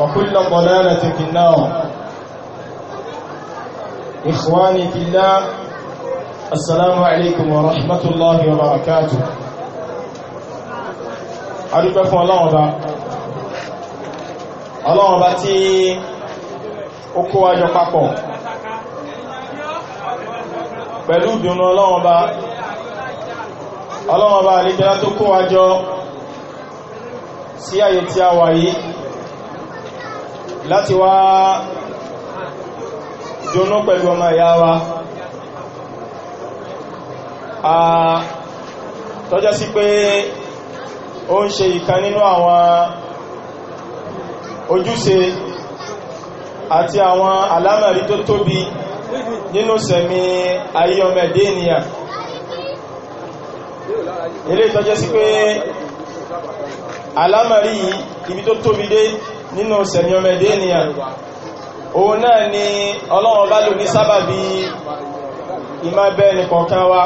وكل ضلالة في النار إخواني في الله السلام عليكم ورحمة الله وبركاته adúpẹ́ fún ọlọ́run ọba ọlọ́run ọba tí ó kó wa jọ papọ̀ pẹ̀lú ìdùnnú ọlọ́run ọba ọlọ́run ọba àlejò tó kó wa jọ sí àyè tí a wà yìí láti wá jóná pẹ̀lú ọmọ ìyá wa a tọ́já sí pé ó ń ṣe ìkan nínú àwọn ojúṣe àti àwọn alámẹ̀rí tó tóbi nínú sẹ̀mí ayé ọmọ ẹ̀dẹ́ ènìyàn ilé ìtọ́jẹ́ sí pé alámẹ̀rí ibi tó tóbi dé nínú sẹ̀mí ọmọ ẹ̀dẹ́ ènìyàn òun náà ni ọlọ́run bá lò ní sábàbí ìmá bẹ́ẹ̀ni kọ̀ọ̀kan wa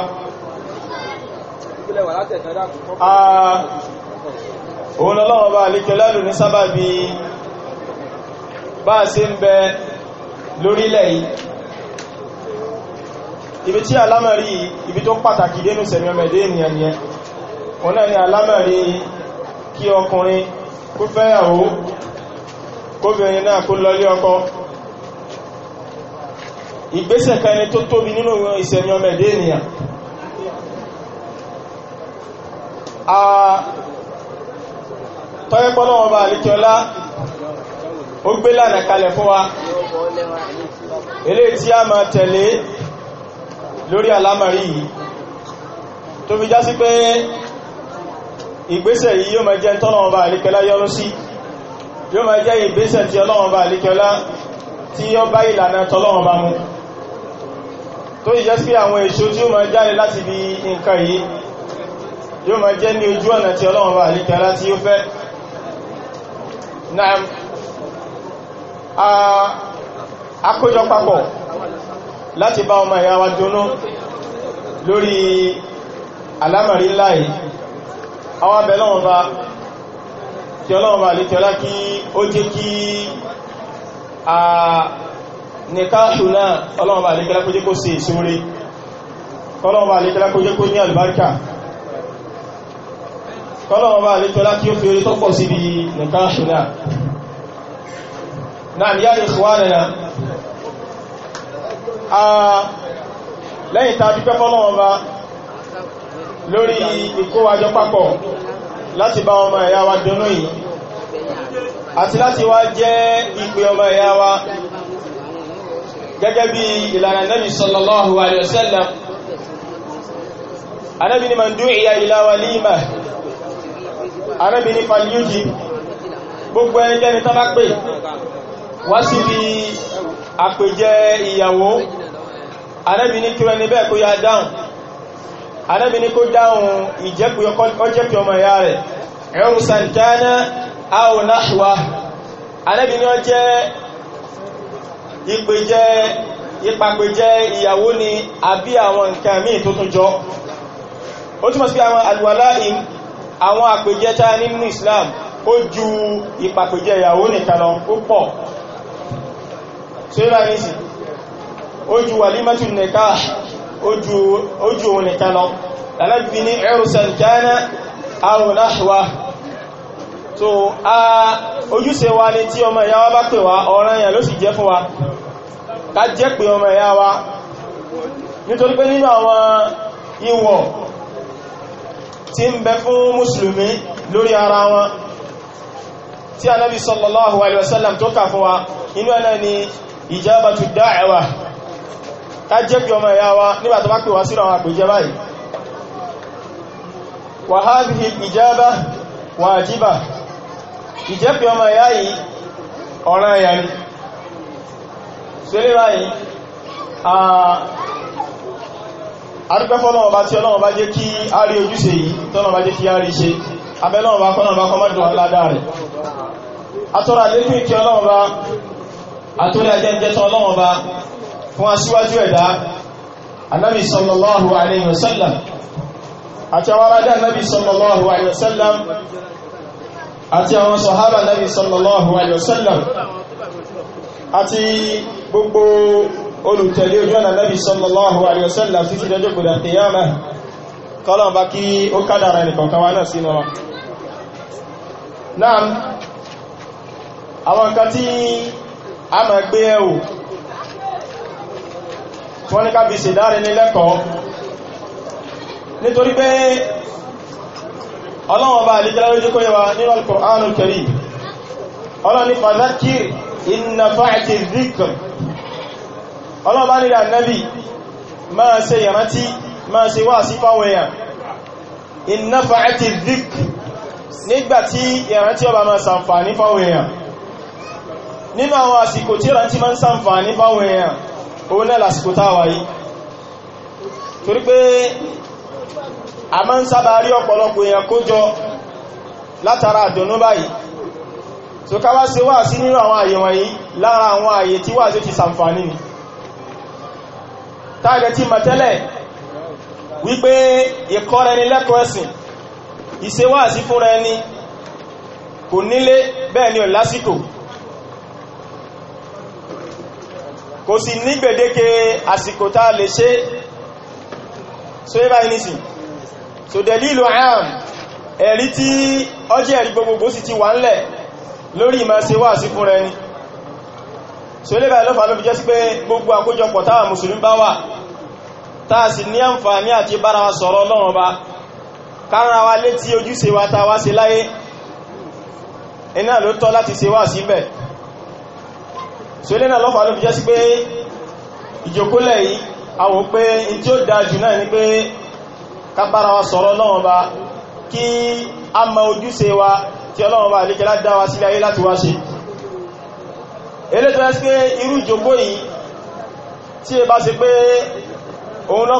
òun ọlọ́run bá alékẹ́ lálò ní sábàbí bá ṣe ń bẹ lórílẹ̀ yìí ibi tí alámẹ̀rí ibi tó pàtàkì dénú sẹ̀mí ọmọ ẹ̀dẹ́ ènìyàn ni òun náà ni alámẹ̀rí kí ọkùnrin kó fẹ́yàwó kóbìnrin náà kó lọlé ọkọ ìgbésẹ̀ kẹni tó tóbi nínú ìsẹ̀mí ọmọ ẹ̀dẹ́ ènìyàn a tọ́yẹ́pọ́lọ́ ọba àríkẹ́ọlá ó gbé lànà kalẹ̀ fún wa eléyìí tí a máa tẹ̀lé lórí àlámàrí yìí tó fi já sí pé ìgbésẹ̀ yìí yóò máa jẹ́ tọ́nà ọba àríkẹ́lá yọ́rọ́ sí si yóò máa jẹ́ ìgbésẹ̀ tí ọlọ́wọ́n bá àlékẹ́ọlá tí ó bá ìlànà tọ́lọ́wọ́n bá mú tó ìjẹ́ sí àwọn èso tí ó máa jáde láti bí nǹkan yìí yóò máa jẹ́ ní ojú ọ̀nà tí ọlọ́wọ́n bá àlékẹ́ọlá tí ó fẹ́ àkójọ papọ̀ láti bá ọmọ ìyá wa dúnú lórí alámàrí láì àwọn abẹ̀lọ́wọ́n bá tí ọlọ́run bá lè tọ́lá kí ó jẹ́ kí a nìkáṣù náà ọlọ́run bá lè kẹ́lá kó jẹ́ kó ṣe ìṣúrí ọlọ́run bá lè kẹ́lá kó jẹ́ kó ní àlùbáríkà ọlọ́run bá lè tọ́lá kí ó fi orí tó pọ̀ sí bí nìkáṣù náà náà yá ikhwanana lẹ́yìn tàbí pẹ́fọ́ lọ́wọ́ bá lórí ìkówàjọ papọ̀ láti bá ọmọ ẹ̀yà wa dọ́nà yìí àti láti wá jẹ́ ìpè ọmọ ẹ̀yà wa gẹ́gẹ́ bí ìlànà Nabi sallallahu alayhi wa sallam Ànábì ní man du'iya ila walima Ànábì ní falyuji gbogbo ẹnikẹ́ni tó bá pè wá sí bí àpèjẹ ìyàwó Ànábì ní kí bẹ́ẹ̀ kó yá dáhùn anábi ní kó dáhùn ìjẹ́pẹ̀ ọmọ ìyá rẹ̀ ẹ̀rùn sàntánà àwọnáṣùwá anábi ní ó jẹ́ ìpèjẹ́ ìpàpèjẹ́ ìyàwó ni àbí àwọn nǹkan míì tó tún jọ ó túnmọ̀ sí àwọn alwàláì àwọn àpèjẹ́ tá nínú Islam ó ju ìpàpèjẹ́ ìyàwó nìkan lọ ó pọ̀ tí ó rà ní sí ó ju wàlímẹ́tù nìkan ojú òun nìkan lọ lálẹ́bí ní ẹrùsàn kẹ́ẹ̀nà àrùn láṣùwá so a ojúṣe wa ni tí ọmọ ìyá wa bá pè wá ọ̀ràn yà ló sì jẹ́ fún wa ká jẹ́ pé ọmọ ìyá wa nítorí pé nínú àwọn ìwọ̀ tí ń bẹ fún mùsùlùmí lórí ara wọn tí anábi sallallahu alaihi wasallam tó kà fún wa inú ẹ̀nà ni ìjábàtù dá'ẹ̀wà ta jẹ́ ọmọ ìyá wa nígbà tó bá pè wá sínú àwọn àpèjẹ báyìí wa hadhihi ìjábá wajiba ìjẹ́ pé ọmọ ìyá yìí ọ̀ràn ẹ̀yà ni ṣeré báyìí àdúgbẹ́ fọ́lọ́wọ́ bá tí ọlọ́wọ́ bá jẹ́ kí a rí ojúṣe yìí tọ́lọ́wọ́ bá kí a rí ṣe abẹ́lọ́wọ́ bá kọ́nà bá kọ́mọ́dù aládàá fún aṣíwájú ẹ̀dá anábì sallallahu alayhi wa sallam àti àwọn ará anábì sallallahu alayhi wa sallam àti àwọn sọ̀hábà anábì sallallahu alayhi wa sallam àti gbogbo olùtẹ̀lé ojú ọ̀nà anábì sallallahu alayhi wa sallam títí dọjọ́ gbọdọ̀ kìyàmà kọ́lọ̀ bá kí ó kádàrà ẹnìkọ̀ọ̀kan wá náà sínú a máa gbé ẹ̀wò tí wọ́n ní ká fi ṣèdáre ní lẹ́kọ̀ọ́ nítorí pé ọlọ́wọ́n bá àlíjẹ́lá lójú kó yẹwa nínú Al-Qur'anul Karim ọlọ́ni fadhakir inna fa'ati dhikr ọlọ́wọ́n bá nílẹ̀ annabi máa ṣe yàrántí máa ṣe wá sí fáwọn èèyàn inna fa'ati dhikr nígbàtí yàrántí ọba máa sàǹfàní fáwọn èèyàn nínú àwọn àsìkò tí yàrántí máa ń sàǹfàní fáwọn èèyàn òun náà lásìkò táwà yìí torí pé a máa ń sábà rí ọ̀pọ̀lọpọ̀ èèyàn kójọ látara àdùnnú báyìí so ká wá ṣe wá sí nínú àwọn àyè wọ̀nyí lára àwọn àyè tí wà tí ti sàǹfàní ni táàgẹ̀ tí mọ̀ tẹ́lẹ̀ wípé ìkọ́ ẹ̀sìn ìṣe sí fún rẹni kò nílé bẹ́ẹ̀ ni ò lásìkò kò sí ní gbèdéke àsìkò tá a lè ṣe so ẹ báyìí nìsìn so dalilu am ẹ̀rí tí ọjẹ́ ẹ̀rí gbogbogbò sì ti wà ńlẹ̀ lórí ìmá ṣe wá sí fún rẹni so ilé báyìí lọ́fà ló fi jẹ́ wa sọ̀rọ̀ ọlọ́run ọba kára wa létí tọ́ láti ṣe wá síbẹ̀ si so ilé náà lọ́fà ló fi jẹ́ sí pé ìjókòólẹ̀ yìí àwò pé in tí ó dájú náà ni pé kápára wa sọ̀rọ̀ lọ́wọ́n ba kí a mọ ojúṣe wa tí ọlọ́wọ́n ba lè kẹ́lá dá wa sílẹ̀ ayé láti wá ṣe elétò ẹ́sí pé irú ìjókòó yìí tí ṣe pé òun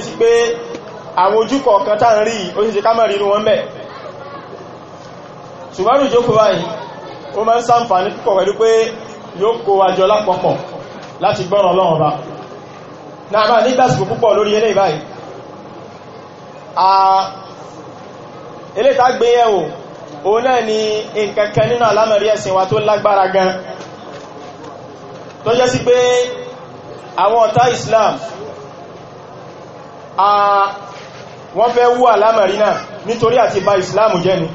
sí pé àwọn ojúkọ̀ kan tá ń rí ó sì ṣe ká mọ̀ rínú wọn bẹ̀ ṣùgbọ́n ìjókòó báyìí ó máa ń ṣàǹfààní púpọ̀ pẹ̀lú pé yóò kó àjọ lápapọ̀ láti gbọ́rọ̀ ọlọ́run bá náà máa nígbàsìkò púpọ̀ lórí eléyìí báyìí eléyìí tá gbé yẹ̀wò òun náà ni nǹkankan nínú àlámọ̀rí ẹ̀sìn wọ́n fẹ́ wú àlámàrí náà nítorí àti bá ìsìláàmù jẹ́ ni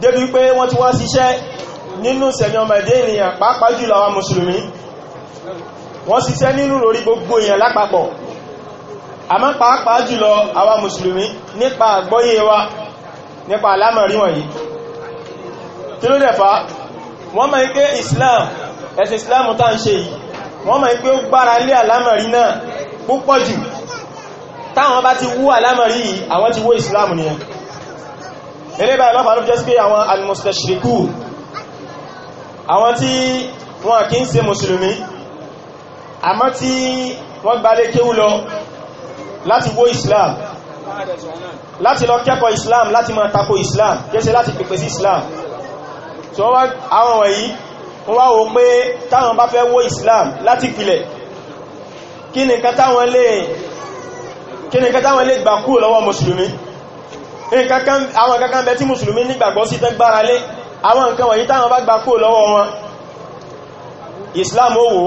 débi pé wọ́n ti wá síṣẹ́ nínú sẹ̀mí ọmọ ẹ̀dẹ́ ènìyàn pàápàá jùlọ àwọn mùsùlùmí wọ́n síṣẹ́ nínú lórí gbogbo èèyàn lápapọ̀ àmọ́ pàápàá jùlọ àwọn mùsùlùmí nípa àgbọ́yé wa nípa àlámàrí wọ̀nyí kí ló dẹ̀fà wọ́n mọ̀ pé islam ẹ̀sìn islam tá ń ṣe yìí wọ́n mọ̀ pé ó gbára lé àlámàrí náà púpọ̀ jù táwọn bá ti wú alámọ̀rí àwọn ti wó islam ni ẹlẹ́ báyìí lọ́fà ló jẹ́ sí pé àwọn almustashriku àwọn tí wọ́n kí ń ṣe mùsùlùmí àmọ́ tí wọ́n gbalé kéwú lọ láti wó islam láti lọ kẹ́kọ̀ọ́ islam láti máa tako islam kése láti pèpè sí islam tí wọ́n wá àwọn wọ̀nyí wọ́n wá wò pé islam láti pìlẹ̀ kí nìkan táwọn lè kí ni nǹkan táwọn lè gbà kúrò lọ́wọ́ mùsùlùmí àwọn nǹkan kan bẹ tí mùsùlùmí nígbàgbọ́ sí tán gbára lé àwọn nǹkan wọ̀nyí táwọn bá gbà kúrò lọ́wọ́ wọn islam owó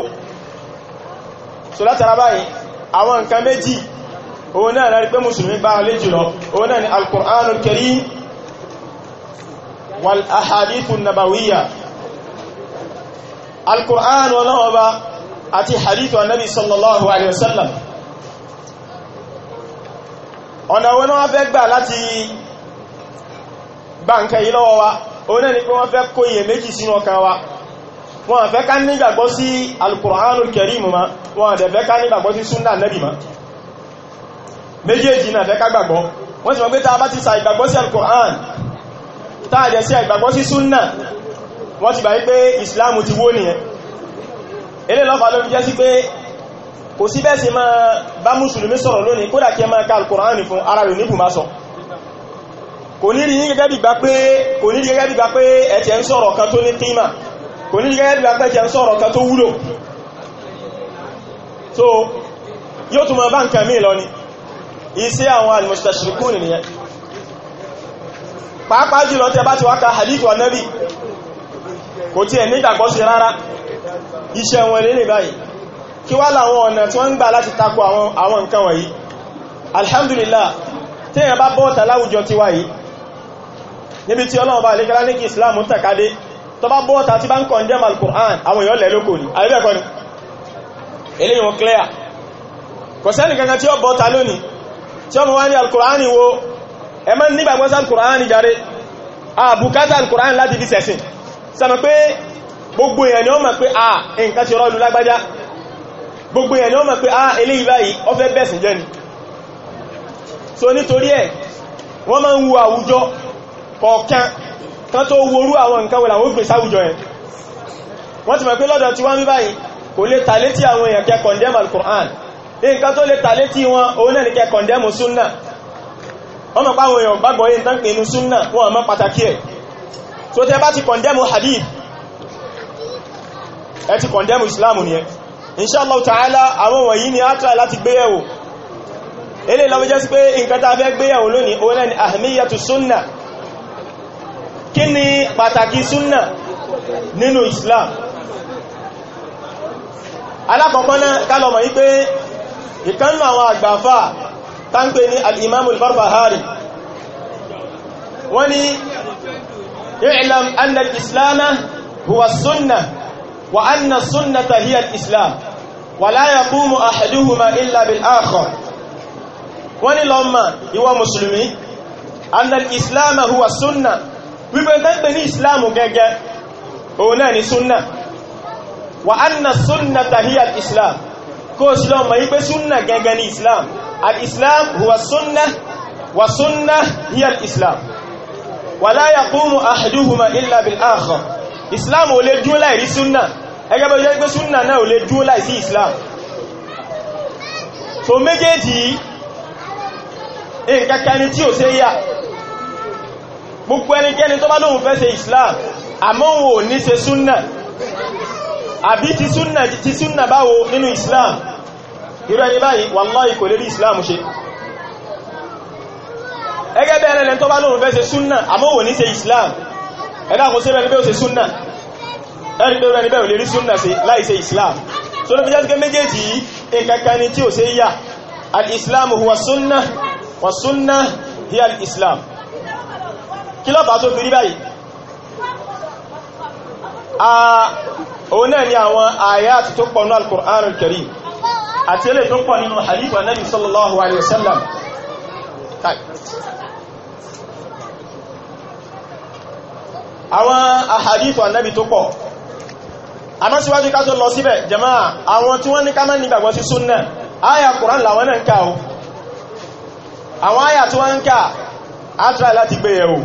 so látara báyìí àwọn nǹkan méjì òun náà lárí pé mùsùlùmí gbára lé jùlọ òun náà ni alkùránul karim wal ahadithun nabawiyya alkùránul ọlọ́wọ́ àti hadithu annabi sallallahu alaihi wasallam ọ̀nà wọn wọ́n fẹ́ gbà láti gba nǹkan yìí lọ́wọ́ wa òun náà ni pé wọ́n fẹ́ kó iye méjì sínú ọkàn wa wọ́n fẹ́ ká nígbàgbọ́ sí Al-Qur'anul ma wọ́n fẹ́ ká nígbàgbọ́ sí súnnà Nábì ma méjèèjì náà fẹ́ ká gbàgbọ́ wọ́n sì ti kò sí bẹ́ẹ̀ sí máa bá mùsùlùmí sọ̀rọ̀ lónìí kódà kí ẹ máa ka alkùnránì fún ara rẹ̀ oníbù máa sọ kò ní rí gẹ́gẹ́ bí gbà pé kò ní rí gẹ́gẹ́ bí gbà pé ẹ ń sọ̀rọ̀ kan tó ní kíma kò ní rí gẹ́gẹ́ bí gbà pé ẹ ń sọ̀rọ̀ kan tó wúlò so yóò tún máa bá nǹkan míì lọ ni iṣẹ́ àwọn alìmọ̀sítàṣìrìkún nìyẹn pàápàá jùlọ tẹ bá ti wá ka hadith wa nabi kí wá láwọn ọ̀nà tí wọ́n ń gbà láti takò àwọn nǹkan wọ̀nyí alhamdulillah tí èyàn bá bọ́ọ̀tà láwùjọ ti wáyé níbi tí ọlọ́run bá lékẹ́lá ní kí islamu tàkádé tó bá bọ́ọ̀tà tí bá ń condemn al-Qur'an àwọn èèyàn lẹ̀ lókò ni eléyìn wọn clear kò sẹ́ni al-Qur'an wo ẹ mọ́ nígbàgbọ́ sí al-Qur'an jàre àbùkátà al-Qur'an láti fi sẹ̀sìn sọ pé gbogbo èèyàn ni ó mọ̀ pé à nǹkan ti rọ́ọ̀lù lágbájá gbogbo èèyàn ni mọ̀ pé ah eléyìí báyìí ó fẹ́ bẹ̀sìn jẹ́ ni so nítorí ẹ̀ wọ́n máa ń wo àwùjọ kọ̀ọ̀kan kan tó worú àwọn nǹkan wẹ̀lá wọ́n gbèsè àwùjọ yẹn wọ́n ti mọ̀ pé lọ́dọ̀ tí wọ́n ń báyìí kò lè tà létí àwọn èèyàn kẹ́ condemn al-Qur'an nǹkan tó lè tà létí wọn òun náà ní kẹ́ condemn sunna wọ́n ẹ̀ ti condemn hadith ẹ ti inshallah ta'ala àwọn wọ̀nyí ni a try láti gbéyẹ̀wò ilé lọ́wọ́jẹ́ sí pé nǹkan tá fẹ́ gbéyàwó lónìí o lẹ́ni ahmiyatu súnnà kí ni pàtàkì súnnà nínú islam alákọ̀ọ́kọ́ náà kálọ̀mọ̀ yí pé ìkánnà àwọn àgbàfà táńpé ní al'imamu huwa súnnà وأن السنة هي الإسلام ولا يقوم أحدهما إلا بالآخر لما هو مسلمي أن الإسلام هو السنة ويبنتني إسلام جاجا هنا سنة وأن السنة هي الإسلام كوش لما يبقى سنة جاجا إسلام الإسلام هو السنة والسنة هي الإسلام ولا يقوم أحدهما إلا بالآخر islam ò le dúró láì rí súnnà ẹgbẹ́ bọ́ jẹ́ pé súnnà náà ò lè dúró láì sí islam so méjèèjì ìkẹ́kẹ́ni tí ò ṣe yà gbogbo ẹnikẹ́ni tó bá lóhun fẹ́ ṣe islam àmọ́ wọn ò ní ṣe súnnà àbí ti súnnà ti báwo nínú islam irú ẹni báyìí wallahi kò lè islam ṣe ẹgẹ́ bẹ́ẹ̀rẹ̀ lẹ́n tó bá lóhun fẹ́ ṣe súnnà àmọ́ wọn ò ní ṣe islam ẹ̀dá kò sí ẹni bẹ́ẹ̀ ò ṣe súnà ẹni bẹ́ẹ̀ ẹni bẹ́ẹ̀ ò lè rí súnà sí láì ṣe islam so ló fi jẹ́ sí pé méjèèjì yìí nǹkankan ni tí ò ṣe yà al-islam huwa súnà wa súnà hiya al-islam kí ló fà tó fi rí báyìí òun náà ni àwọn ayat tó pọ̀ ní al-Qur'an al-Karim àti ilé tó pọ̀ nínú hadith wa nabi sallallahu alaihi wasallam àwọn ahadith annabi tó pọ̀ àmọ́ síwájú ká tó lọ síbẹ̀ jàmáà àwọn tí wọ́n ní ká máa nígbàgbọ́ sí súnnà àyà Kùránì làwọn náà ń ká o àwọn àyà tí wọ́n ń ká átrà láti gbé yẹ̀wò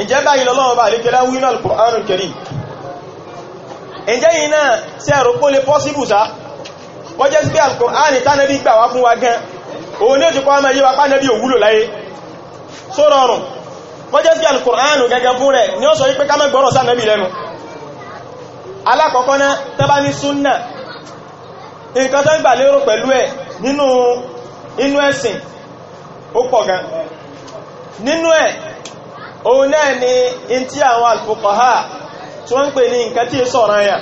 ǹjẹ́ báyìí lọ́lọ́wọ́ bá àríkẹ́lá wínà Al-Qur'anul Karim ǹjẹ́ yìí náà sí kọ́ jẹ́ sí alkùránù gẹ́gẹ́ fún rẹ̀ ni ó sọ wípé ká má gbọ́rọ̀ sí ànábì lẹ́nu alákọ̀ọ́kọ́ náà tẹ́bá ní súnnà nǹkan tó ń gbà lérò pẹ̀lú ẹ̀ nínú inú ẹ̀sìn ó pọ̀ gan nínú ẹ̀ òun náà ni in tí àwọn alfuqaha tí wọ́n ń pè ní nǹkan tí è sọ̀rọ̀ yà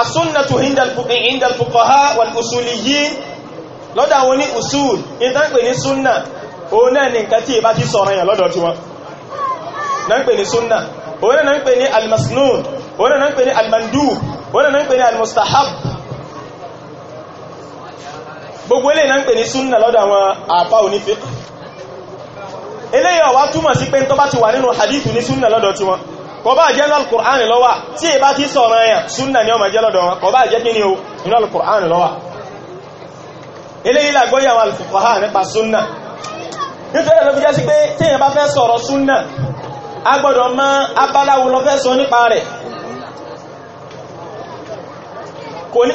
asúnnàtù indalfuqaha òun náà ni nǹkan tí ìbá ti sọ̀rọ̀ yàn lọ́dọ̀ tí wọn náà ń pè ní súnnà òun náà ń pè ní almasnun òun náà ń pè ní almandub òun náà ń pè ní almustahab gbogbo eléyìí náà ń pè ní súnnà lọ́dọ̀ àwọn àpá onífẹ́ eléyìí ọ̀wá túmọ̀ sí pé tó bá ti wà nínú hadithu ní súnnà lọ́dọ̀ tí wọn kò bá jẹ́ al ni ó máa jẹ́ lọ́dọ̀ ni o nínú al-Qur'an ló wà eléyìí làgbóyàwó al nípa súnnà nítorí ẹ̀lọ́fi jẹ́ sí pé téèyàn bá fẹ́ sọ̀rọ̀ súnà a gbọ́dọ̀ mọ̀ abáláwo lọ fẹ́ sọ nípa rẹ̀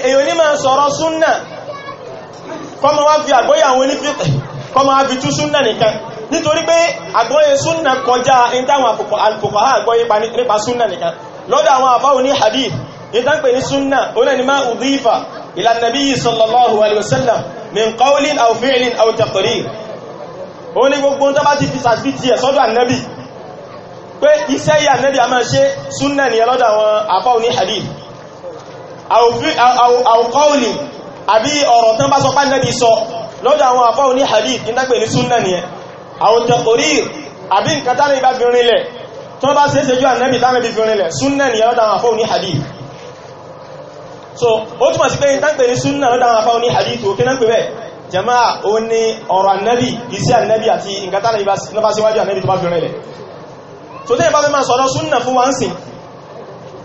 èyí ní máa sọ̀rọ̀ súnà kọ́mọ wá fi àgbóyà àwọn onífífẹ́ kọ́mọ wá fi tú súnà nìkan nítorí pé àgbóyè súnà kọjá ìtàwọn àpòpọ̀ àgbóyè nípa súnà nìkan lọ́dọ̀ àwọn àfáwò ní hadith ìtànpè ní súnà olẹ́ni máa udifa ila nabiyyi sallallahu alaihi wasallam min qawlin aw fi'lin aw taqrir ó ní gbogbo tó bá ti fi sàbí ti ẹ̀ sọ́dọ̀ ànẹ́bì pé iṣẹ́ yìí ànẹ́bì a máa ṣe súnnà ní ẹlọ́dọ̀ àwọn àfáà ní hadith àwòkọ́ọ̀lì àbí ọ̀rọ̀ tán bá sọ pá ànẹ́bì sọ lọ́dọ̀ àwọn àfáà ní hadith ìdápẹ̀ ní súnnà ní ẹ àwòtẹ̀kórí àbí nǹkan tánà ìbá fi rinlẹ̀ tó bá ṣe é ṣe ju ànẹ́bì tánà ìbí fi rinlẹ̀ súnnà ní ẹlọ́dọ̀ àwọn àfáà ní hadith so ó túnmọ̀ sí pé ìdápẹ̀ ní súnnà lọ́dọ̀ àwọn àfáà ní hadith òkè náà pẹ̀ bẹ́ẹ̀ jama'a ó ní ọ̀rọ̀ annabi iṣẹ́ annabi àti nǹkan tánà ìbá síwájú annabi tó bá fi rìnlẹ̀ tó tẹ́ ìbá fẹ́ máa sọ̀rọ̀ súnnà fún wa ń sìn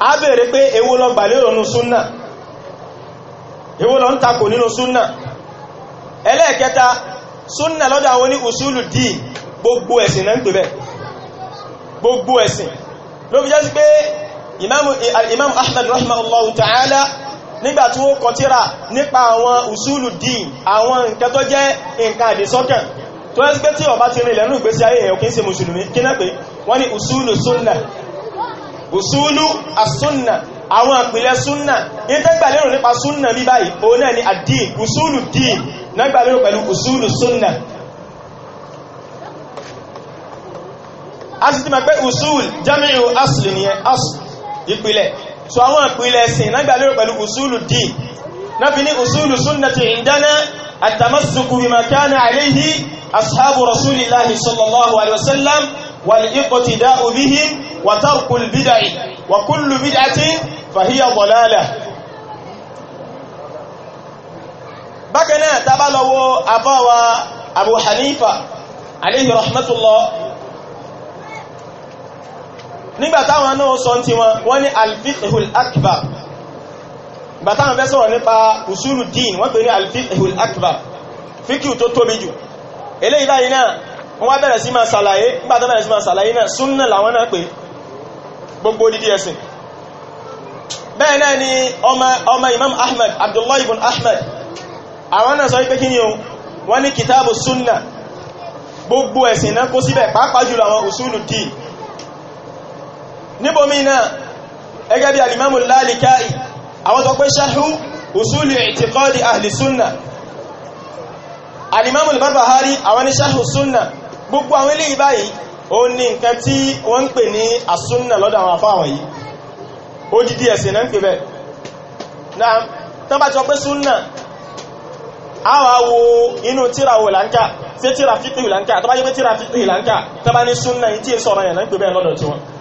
a bèèrè pé èwo ló gbà lérò nínú súnnà èwo ló ń takò nínú súnnà ẹlẹ́ẹ̀kẹta súnnà lọ́dọ̀ àwọn ní usulu gbogbo ẹ̀sìn náà ń pè bẹ́ẹ̀ gbogbo ẹ̀sìn ló fi jẹ́ sí pé imam ahmad rahimahullahu ta'ala nígbàtí wọ́n kọ tírà nípa àwọn usulu dín àwọn nǹkan tó jẹ́ nǹkan àdìsọ́kàn tó ẹ́ pé tí ó bá ti rìn lẹ́nu ìgbésí ayé èèyàn kìí ṣe mùsùlùmí kí náà pé wọ́n ní usulu sunna usulu as-sunna àwọn àpìlẹ̀ sunna ní tẹ́gbàlérò nípa sunna bí báyìí òun náà ni ad-din usulu dín nágbàlérò pẹ̀lú usulu sunna a sì ti mọ̀ pé usul jamiu asli nìyẹn asl ìpìlẹ̀ so àwọn ìpìlẹ̀ ẹ̀sìn náà gbàlérò pẹ̀lú usulu din náà fi ní usulu sunnati indana at-tamassuku bima kana alayhi ashabu rasulillahi sallallahu alayhi wa sallam wal iqtida'u bihim wa tarkul bid'ah wa kullu bid'atin nígbà táwọn náà sọ tí wọn wọ́n ní alfihul akbar ìgbà táwọn fẹ́ sọ̀rọ̀ nípa usulu din wọ́n pè ní alfihul akbar fíkì tó tóbi jù eléyìí báyìí náà wọ́n wá bẹ̀rẹ̀ sí máa ṣàlàyé nígbà tó bẹ̀rẹ̀ sí máa ṣàlàyé náà súnnà làwọn náà pè gbogbo dídí ẹ̀sìn bẹ́ẹ̀ náà ni ọmọ imam Ahmed abdullahi ibn Ahmed àwọn náà sọ wípé kí ni o wọ́n ní kìtàbù súnnà gbogbo ẹ̀sìn náà kó síbẹ̀ pàápàá jùlọ àwọn usulu din níbòmí náà ẹgẹ́ bí alimamu lalikai àwọn tó pé ṣáhú usuli ìtìkọ́dì ahli sunna alimamu barbahari àwọn ní ṣáhú sunna gbogbo àwọn ilé ìbáyìí ó ní nǹkan tí wọ́n ń pè ní asúnnà lọ́dọ̀ àwọn afọ́ àwọn yìí ó jídí ẹ̀sìn náà ń pè bẹ́ẹ̀ náà tán bá ti ọpẹ́ súnnà àwa wo ń pè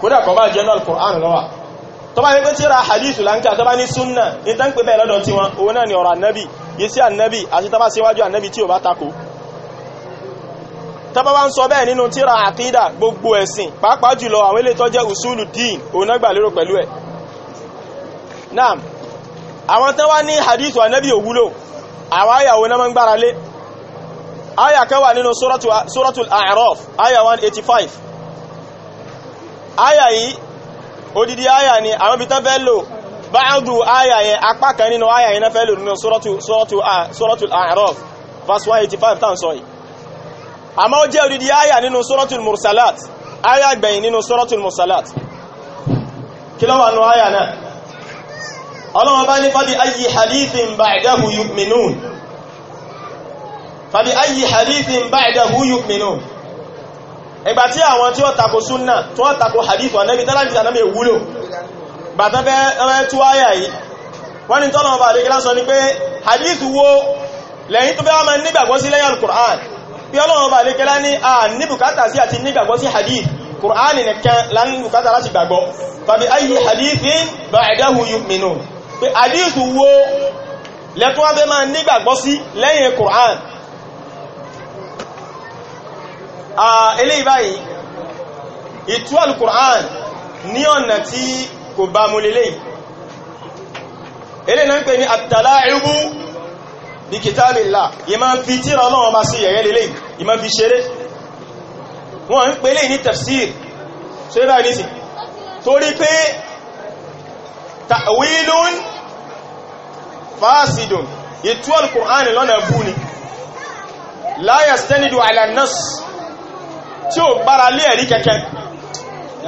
kódà kọ bá jẹ́ náà Al-Qur'an lọ́wà tó bá yẹ́gbẹ́ tíra hadithu láńkà tó bá ní súnnà ní tán pè bẹ́ẹ̀ tí wọn òun náà ni ọ̀rọ̀ annabi yìí annabi àti tàbá síwájú annabi tí ò bá tako tàbá wá ń sọ bẹ́ẹ̀ nínú tíra àkídà gbogbo ẹ̀sìn pàápàá jùlọ àwọn ilé tó jẹ́ usulu dín òun náà gbà lérò pẹ̀lú ẹ̀ náà àwọn tán wá ní hadithu annabi òwúlò àwọn àyàwó náà máa ń gbára lé àyà kan wà 185 áyà yìí odidi áyà ni àwọn ibi tán fẹ́ lò báàdù áyà yẹn apá kan nínú áyà yẹn fẹ́ lò nínú suratul A'raf verse 185 tán sọ yìí àmọ́ ó jẹ́ odidi áyà nínú suratul mursalat áyà gbẹ̀yìn nínú suratul mursalat kí ló wà nínú áyà náà ọlọ́wọ́ bá ní fàbí ayi hadithin ba'dahu yu'minun fàbí ayi hadithin ba'dahu yu'minun ìgbà tí àwọn tí ó tako súnnà tí wọ́n tako hadith Ànábì tẹ́lájì Ànábì wúlò bàtán fẹ́ tú àyà yìí wọ́n ni tọ́lọ̀ ọba àdékẹ́lá sọ ní pé hadith wo lẹ́yìn tó bẹ́wàá ma nígbàgbọ́ sí lẹ́yìn al-Qur'an pí ọlọ́run ọba àdékẹ́lá ní a ní bùkátà sí àti nígbàgbọ́ sí hadith Qur'an nìkan láni bùkátà láti gbàgbọ́ tàbí ayyi hadithin ba'dahu yu'minun pé hadith wo lẹ́tún wá fẹ́ ma nígbàgbọ́ sí lẹ́yìn Qur'an Ah, eléyìí báyìí ìtú al-Qur'an ní ọ̀nà tí kò bá mú lélẹ̀ eléyìí náà ń pè ní at-tala'ubu bi kitabillah yìí máa ń fi tírà Ọlọ́run bá sí yẹ̀yẹ́ lélẹ̀ yìí máa ń fi ṣeré wọ́n ń pè ní tafsir ṣe bá ní sí torí pé ta'wilun fasidun ìtú al-Qur'an lọ́nà bú ni la yastanidu ala an-nass tí ó gbára lé ẹ̀rí kẹ́kẹ́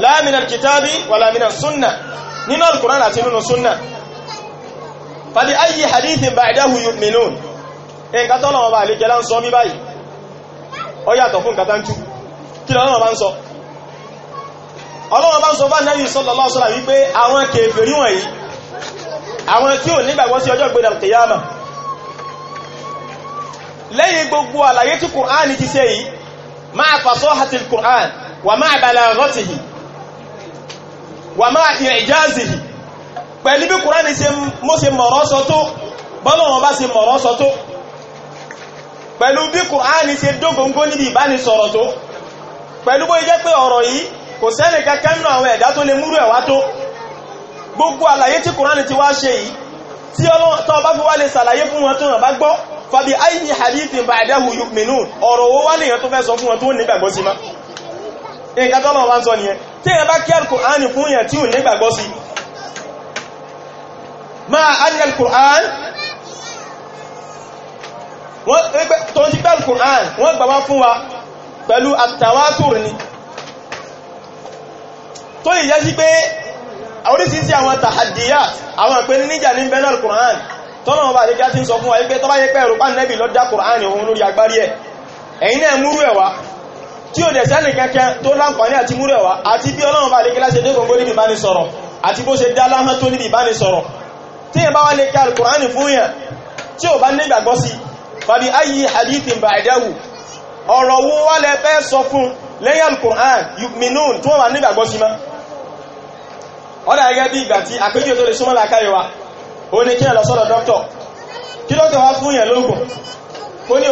la min al-kitabi wala min as-sunnah nínú al àti nínú súnnà fàbí ayyi hadithin ba'dahu yu'minun nǹkan tọ́lọ̀ ọba àlejẹ́ lá ń sọ bí báyìí ó yàtọ̀ fún nǹkan kí lọ́wọ́ bá ń sọ Ọlọ́run bá ń sọ bá Nábì sallallahu alaihi مع فصاحة القرآن ومع بلاغته ومع إعجازه pẹ̀lú bí kùránì ṣe mọ́ ṣe mọ̀rọ̀ sọ tó bọ́lọ̀wọ̀n bá ṣe mọ̀rọ̀ sọ tó pẹ̀lú bí kùránì ṣe dógóngó níbi ìbánisọ̀rọ̀ tó pẹ̀lú bó jẹ́ pé ọ̀rọ̀ yìí kò sẹ́nì kankan nínú àwọn ẹ̀dá tó lè múrú ẹ̀wá tó gbogbo àlàyé tí kùránì ti wá fàbí ayi hadithin ba'dahu yu'minun ọ̀rọ̀ owó wá nìyàn tó fẹ́ sọ fún wọn tó nígbàgbọ́ sí má nǹkan wá ń sọ nìyẹn tí yẹn bá kí al-Qur'an fún yẹn tí ò nígbàgbọ́ sí máa anna al-Qur'an tó ti pẹ́ al-Qur'an wọ́n gbà wá fún wa pẹ̀lú at-tawatur ni tó yìí jẹ́ sí pé al-Qur'an tọ́lọ́wọ́ bá lẹ́gbẹ́ tí ń sọ fún wa wípé tọ́bá yẹ pẹ́ ìrùpá nẹ́bì lọ dá kùránì ohun lórí agbárí ẹ̀ ẹ̀yin náà múrú ẹ̀wà tí ò dẹ̀sẹ́ nìkan kẹ tó láǹfààní àti múrú ẹ̀wà àti bí ọlọ́wọ́ bá lẹ́gbẹ́ láti dé gbogbo níbi ìbánisọ̀rọ̀ àti bó ṣe dá láhán tó níbi ìbánisọ̀rọ̀ tí yẹn bá wá lè ka kùránì fún yẹn tí ò bá nígbàgbọ́ sí fàbí ayi hadithin ba'dahu ọ̀rọ̀ wo wá lẹ fẹ́ sọ fún lẹ́yìn alukur'an yu'minun tí bí ìgbà tí àpéjọ tó lè súnmọ́ làkàyè wa ó ní kí ẹ lọ sọ́dọ̀ dókítọ̀ kí dókítọ̀ wá fún yẹn lóògùn ó ní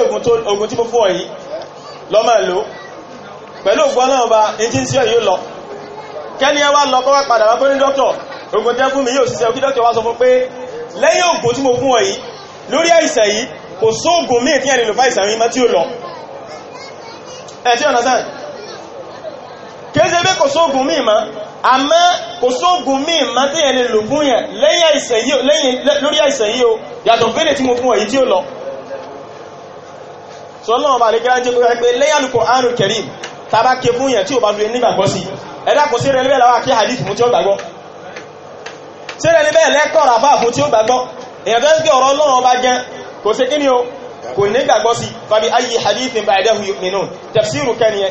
oògùn tí mo fún ọ yìí lọ máa lò pẹ̀lú ògùn ọlọ́run ba ẹjí tí ó yóò lọ kẹ́ni ẹ wá lọ kọ́ wá padà wá pé ní dókítọ̀ oògùn tẹ́ fún mi yóò ṣiṣẹ́ kí dókítọ̀ wá sọ fún pé lẹ́yìn oògùn tí mo fún ọ yìí lórí àìsàn yìí kò sóògùn míì tí ẹni lò fáìsàn yìí má tí ó lọ ẹ̀ tí ọ̀nà sáà kéèsè pé kò sóògùn míì mọ́ àmọ́ kò sóògùn míì mọ́ tí yẹn lè lò fún yẹn lórí àìsàn yìí o yàtọ̀ fẹ́lẹ̀ tí mo fún ọ̀yí tí ó lọ sọlọ́wọ́n bá lè kíra jẹ́ kókò pé lẹ́yìn Al-Qur'anul Karim tàbá ké fún yẹn tí ò bá fi nígbàgbọ́ sí ẹ̀dá kò sí rẹ̀lẹ́bẹ̀ láwá kí hadith mú tí ó gbàgbọ́ sí rẹ̀lẹ́bẹ̀ lẹ́kọ̀ọ́ ràfà fún tí ó gbàgbọ́ èèyàn tó ń gbé ọ̀rọ̀ Ọlọ́run bá jẹ́ kò sí kí ni o kò nígbàgbọ́ sí fàbí ayé hadith ba'dahu yu'minun tafsiru kẹ́niyẹ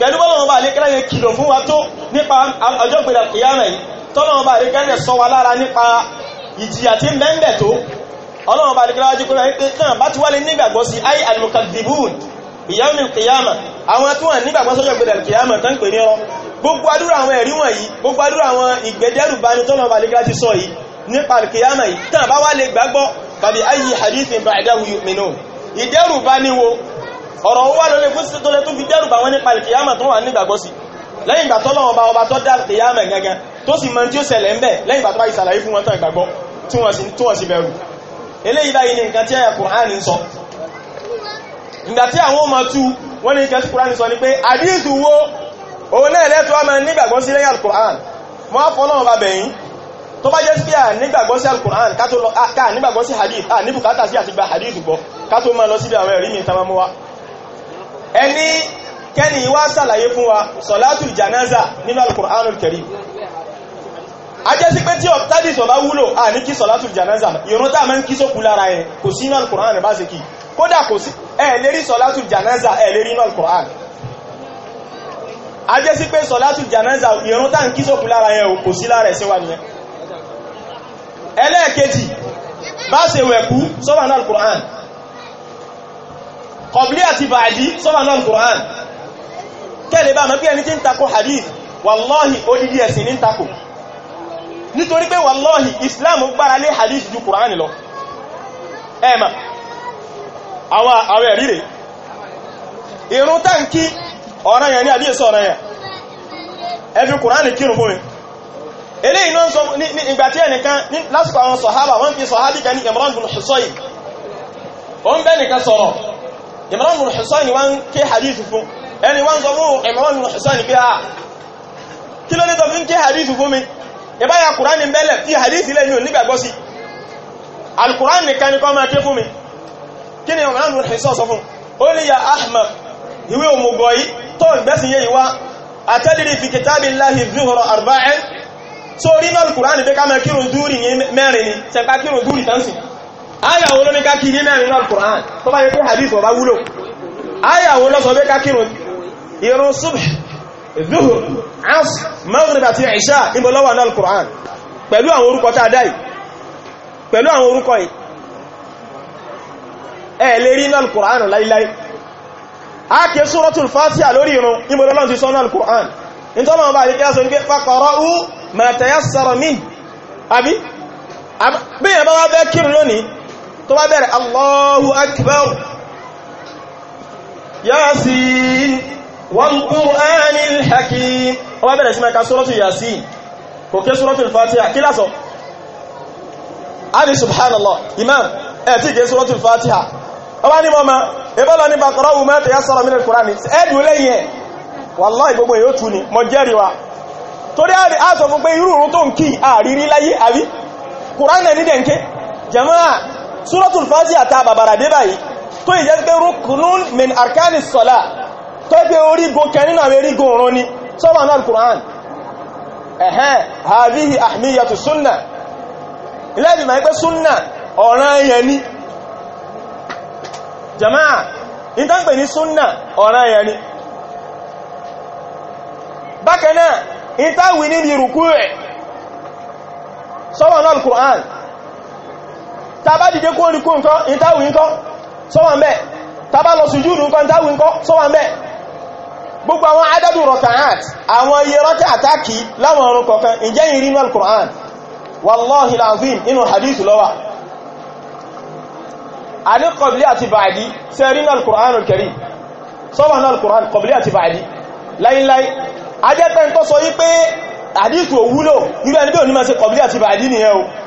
pẹ̀lú bọ́lọ̀wọ́ bá àlékẹ́lẹ́ yẹn kìlọ̀ fún wa tó nípa ọjọ́ ìgbèdà kìyàmẹ̀ yìí tọ́lọ̀wọ́ bá àlékẹ́lẹ́ sọ wa lára nípa ìjìyà tí mẹ́ńbẹ̀ tó ọlọ́wọ́ bá àlékẹ́lẹ́ wájú kúrò pé náà bá ti wálé nígbàgbọ́ sí ai al-mukadhibun ìyàmì kìyàmà àwọn tó hàn nígbàgbọ́ sọ́jọ́ ìgbèdà kìyàmà tán pè ní ọ̀rọ̀ gbogbo àdúrà àwọn ẹ̀rí wọ̀nyí gbogbo àdúrà àwọn ìgbẹ́dẹ́rùbani tọ́lọ̀wọ́ bá àlékẹ́lẹ́ ti sọ yìí nípa kìyàmà yìí tán bá wálé gbàgbọ́ bàbí ayi hadithin ba'dahu yu'minun ìdẹ́rùbani wo ọ̀rọ̀ wà lórí fún títí tó lẹ́ tún fi dẹ́rù bàwọn nípa ìkìyàmà tó wà nígbàgbọ́ sí lẹ́yìn ìgbà tó lọ́wọ́ bá ọba tó dá ìkìyàmà gangan tó sì mọ̀ tí ó ṣẹlẹ̀ ń bẹ̀ lẹ́yìn ìgbà tó bá ìsàlàyé fún wọn tán ìgbàgbọ́ tí wọ́n sì bẹ̀rù eléyìí báyìí ni nǹkan nígbàgbọ́ sí lẹ́yìn Al-Qur'an mọ́ fọ́lọ́wọ́n bá bẹ̀yìn tó bá jẹ́ sí nígbàgbọ́ sí Al-Qur'an ká nígbàgbọ́ sí hadith à ní sí àti gba hadith gbọ́ ká tó máa lọ síbi àwọn ẹ̀rí mi tamamọ́wá ẹni kẹ́ni wá sàlàyé fún wa sọ̀látùl janaza nínú al-Qur'anul Karim a jẹ́ sí pé tí ọ̀tádì sọ bá wúlò à ní kí sọ̀látùl janaza ìrún tá kí sókù lára ẹ̀ kò sí inú al-Qur'an bá ṣe kí kódà kò sí ẹ̀ lérí sọ̀látùl janaza ẹ̀ quran a jẹ́ sí pé sọ̀látùl janaza ìrún tá a ń kí sókù lára ẹ̀ kò sí wẹ̀kú sọ́wọ́n al-Qur'an kọ̀blí àti bàdí sọ́bà náà kùrán kẹ́lẹ̀ bá mẹ́bí ẹni tí ń takò hadith wàlọ́hì odidi ẹ̀sìn ní takò nítorí pé wàlọ́hì islam gbára lé hadith ju kùrán lọ ẹ̀mà àwọn ẹ̀rí rẹ̀ ìrun táǹkì ọ̀ràn yẹn ní àbíyèsí ọ̀ràn yẹn ẹ̀fí kùrán kírun fún mi ilé iná sọ nígbà tí ẹnìkan lásìkò àwọn sọ̀hábà wọ́n fi sọ̀hábì kan ní Imran bin Husayn ó ń bẹ́ nìkan sọ̀rọ̀ Imran bin Hussein wá ń ké hadith fún ẹni wá ń sọ fún Imran bin Hussein pé a ah, kí ló ní tó fi ń ké hadith fún mi ìbáyà Kùránì bẹ́lẹ̀ tí hadith ilẹ̀ yóò nígbàgbọ́ sí Al-Kùránì nìkan ni kọ́ máa ké fún mi kí ni Imran bin Hussein sọ fún ó ní ya Ahmad ìwé òmùgọ̀ yìí tó ìgbẹ́sìn yẹ mẹ́rin ni tẹ́pá dúrì tánsìn ayàwó ló ní káàkiri ní mẹ́rin náà kùrán tó bá yẹ kó hadith ọba wúlò ayàwó lọ́sọ̀ bẹ́ káàkiri irun subh zuhur asr maghrib àti isha ìbọ̀lọ́wà náà kùrán pẹ̀lú àwọn orúkọ tá dáì pẹ̀lú àwọn orúkọ yìí ẹ̀ lè rí náà kùrán láíláí a kè suratul fatiha lórí irun ìbọ̀lọ́wà ti sọ náà kùrán ìtọ́lọ́wà bá yẹ kí a sọ ní pé faqra'u ma tayassara min àbí bí ẹ̀ wá bẹ́ kírun lónìí tó bá bẹ̀rẹ̀ Allahu akbar yasin wal qur'anil hakim ó bá bẹ̀rẹ̀ sí mẹ́ka sọ́rọ̀tù yasin kò ké sọ́rọ̀tù fatiha kí lásọ adi subhanallah imam ẹ̀ tí ké sọ́rọ̀tù fatiha ó bá ní mọ́mọ́ ìbọ́lọ ní bàtọ̀rọ̀wù mẹ́ta yá sọ́rọ̀ mílẹ̀ kùránì ẹ̀dùn lẹ́yìn ẹ̀ wallahi gbogbo èyí ó tù ní mọ́ jẹ́rìwá súrọ́tùn fàtíhà ta bàbàrà dé báyìí tó ìjẹ́ pé rúkùnún min arkani sọ́lá tó pé orígun kẹrin àwọn orígun òrùn ni sọ́wọ́n náà kùrán ẹ̀hẹ́n hadhihi ahmiyatu súnnà ilé ìbìmọ̀ ẹgbẹ́ súnnà ọ̀ràn ẹ̀yẹ ni jama'a ìtànpẹ̀ ní súnnà ọ̀ràn ẹ̀yẹ ni bákanáà ìtàwì náà kùrán tàbá dìde kó orí kó nǹkan ìtàwì nǹkan sọ́wọ́n mẹ́ tàbá lọ sùjúdù nǹkan ìtàwì nǹkan sọ́wọ́n mẹ́ gbogbo àwọn adadu rọ̀kàáàt àwọn iye rọ́kà àtàkì láwọn ọ̀rọ̀ kọ̀ọ̀kan ìjẹ́ ìrìn náà Qur'an wallahi lazim inú hadith lọ́wà a ní kọ̀blí àti bàdí sí ẹ̀rí náà Qur'an al-Karim sọ́wọ́n náà Qur'an kọ̀blí àti bàdí láíláí ajẹ́pẹ́ ń tọ́ sọ yí pé hadith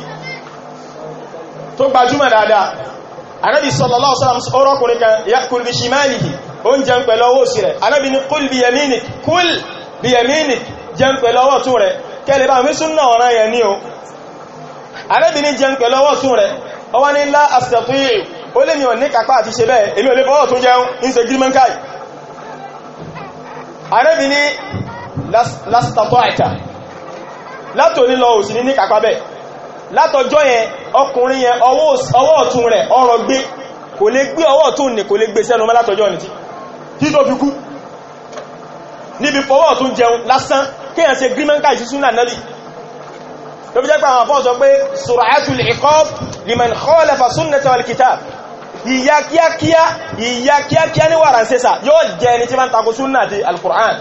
tó gbajúmọ̀ dáadáa anábì sallallahu alaihi wasallam ọrọ̀kùnrin kan yakul bi shimalihi ó ń jẹun pẹ̀lú ọwọ́ òsì rẹ̀ anábì ní kúl bi yaminik kúl bi yaminik jẹun pẹ̀lú ọwọ́ ọ̀tún rẹ̀ kẹlẹ̀ bá mi súnà ọ̀ràn yẹn ní o anábì ní jẹun pẹ̀lú ọwọ́ ọ̀tún rẹ̀ ọwọ́ ní lá astati'u ó lè mi ò ní kápá àti ṣe bẹ́ẹ̀ èmi ò lè fọwọ́ ọ̀tún jẹun ń ṣe gírímọ̀ káì anábì látọjọ́ yẹn ọkùnrin yẹn ọwọ́ ọ̀tún rẹ̀ ọrọ̀ gbé kò lè gbé ọwọ́ ọ̀tún ní kò lè gbé sẹ́nu mọ́ látọjọ́ ní tí tó fi kú níbi fọwọ́ ọ̀tún jẹun lásán kíyàn ṣe grímẹ́ǹkà ìṣúná náàbì tó fi jẹ́ pé àwọn afọ́ sọ pé sur'atul iqab liman khalafa sunnata wal kitab ìyá kíákíá ìyá kíákíá ní wàrà ṣẹ́sà yóò jẹ́ ẹni tí ma ń takò súnnà àti al-Qur'an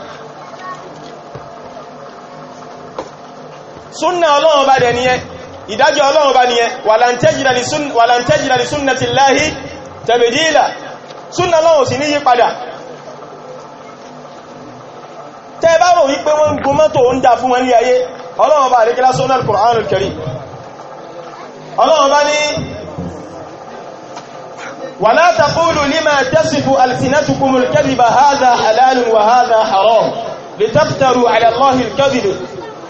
súnnà ọlọ́run bá dẹ̀ nìyẹn ìdájọ́ ọlọ́run bá nìyẹn wàlàntẹ́jìdà lè súnnà ti láhí tẹ̀bẹ̀dìlà súnnà lọ́wọ́ sí ní yí padà tẹ́ bá rò wípé wọ́n gún mọ́tò ń dá fún wọn ní ayé ọlọ́run bá àríkílá sọ́nà al-Qur'anul Karim ọlọ́run bá ní wala taqulu lima tasifu alsinatukumul kadhiba hadha halalun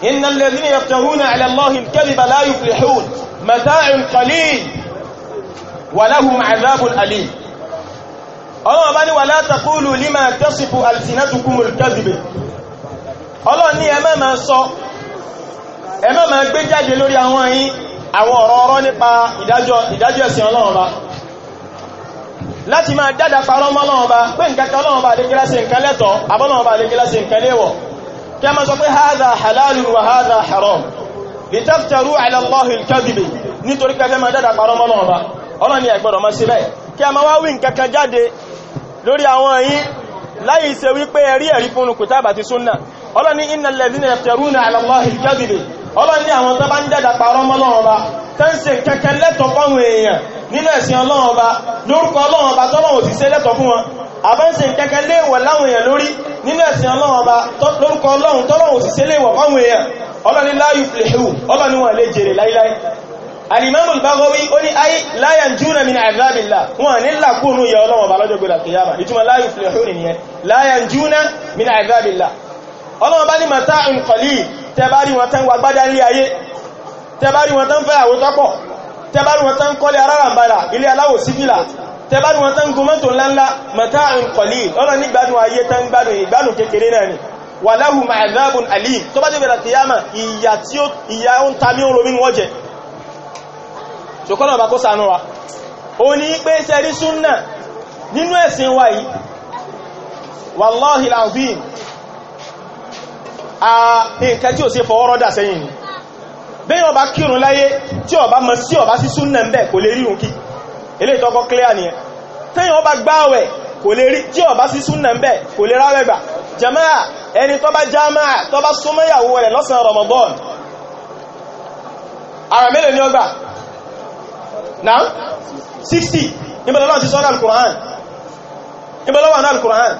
إن الذين يفترون على الله الكذب لا يفلحون متاع قليل ولهم عذاب أليم ọlọ́wọ́ bá ní wà látàkúlù límà tẹ́sìfù àlìsìnàtùkúmù kẹ́zìbì ọlọ́wọ́ ní ẹmẹ́ ma sọ ẹmẹ́ ma gbé jáde lórí àwọn yín àwọn ọ̀rọ̀ ọ̀rọ̀ nípa ìdájọ́ ẹ̀sìn ọlọ́wọ́ bá láti máa dáadáa parọ́ mọ́ ọlọ́wọ́ bá pé nǹkan kan ọlọ́wọ́ bá lè kílá ṣe nǹkan lẹ́tọ̀ọ́ abọ́lọ́wọ́ bá lè kílá كما سوف هذا حلال وهذا حرام لتفتروا على الله الكذب nítorí pé ma dada parọ́ mọ́ Ọlọ́run ba Ọlọ́run ni ẹ gbọ́dọ̀ má ṣe bẹ́ẹ̀ kí a má wá wí nǹkan kan jáde lórí àwọn yín láì ṣe wí pé ẹ̀rí ẹ̀rí fún kitaaba ti sunna Ọlọ́run ni innal ladhina yaftaruna ala allahi al-kadhiba ọlọ́run ní àwọn tó bá ń dẹ́dà parọ́ mọ́ ọlọ́run ọba tó ń ṣe kẹ́kẹ́ lẹ́tọ̀ fáwọn èèyàn nínú ẹ̀sìn ọlọ́run ọba lórúkọ ọlọ́run ọba tọ́lọ́run ò sì ṣe lẹ́tọ̀ fún wọn àbá ń ṣe kẹ́kẹ́ léèwọ̀ láwọn èèyàn lórí nínú ẹ̀sìn ọlọ́run ọba lórúkọ ọlọ́run tọ́lọ́run ò sì ṣe léèwọ̀ fáwọn la yuflihu ọlọ́run wọn lè jèrè láíláí alimamul bagawi ó ní ayé láyàn júnà min àdábìlá wọn la yuflihu nìyẹn láyàn júnà ọlọ́wọ́ bá ní mata nkọ̀lì tẹbárí wọn tán wàgbádá ilé ayé tẹbárí wọn tán fẹ́yàwó tọ́pọ̀ tẹbárí wọn tán kọ́lé arárànbára ilé aláwò sífìlà tẹbárí wọn tán gómọ́tò ńláńlá mata nkọ̀lì ọlọ́ ní gbádùn ayé tán gbádùn ìgbádùn kékeré náà ni wà láhùn ma'azabun alim tó bá dé bẹ̀rẹ̀ kìyàmà ìyà tí ó ìyà ń ta mí orin wọ́n jẹ ṣòkọ́nà bá kó sànú wa ó ní pé sẹ́rí súnnà nínú ẹ̀sìn wa yìí wàláhìláàzín nǹkan tí ò sí fọwọ́rọ́dà sẹ́yìn ni bẹ́yìn ọba kírun láyé tí ọba mọ̀ sí ọba sí súnnà ń bẹ̀ kò lè rí òkí ilé ìtọ́kọ́ clear ni ẹ tẹ́yìn ọba gbáwẹ̀ kò jamaa ẹni tó jamaa tó bá súnmọ́yàwó rẹ̀ Ramadan ara mélòó ni ó gbà náà 60 ìbẹ̀lọ́wọ́ ti sọ́nà al-Qur'an ìbẹ̀lọ́wọ́ quran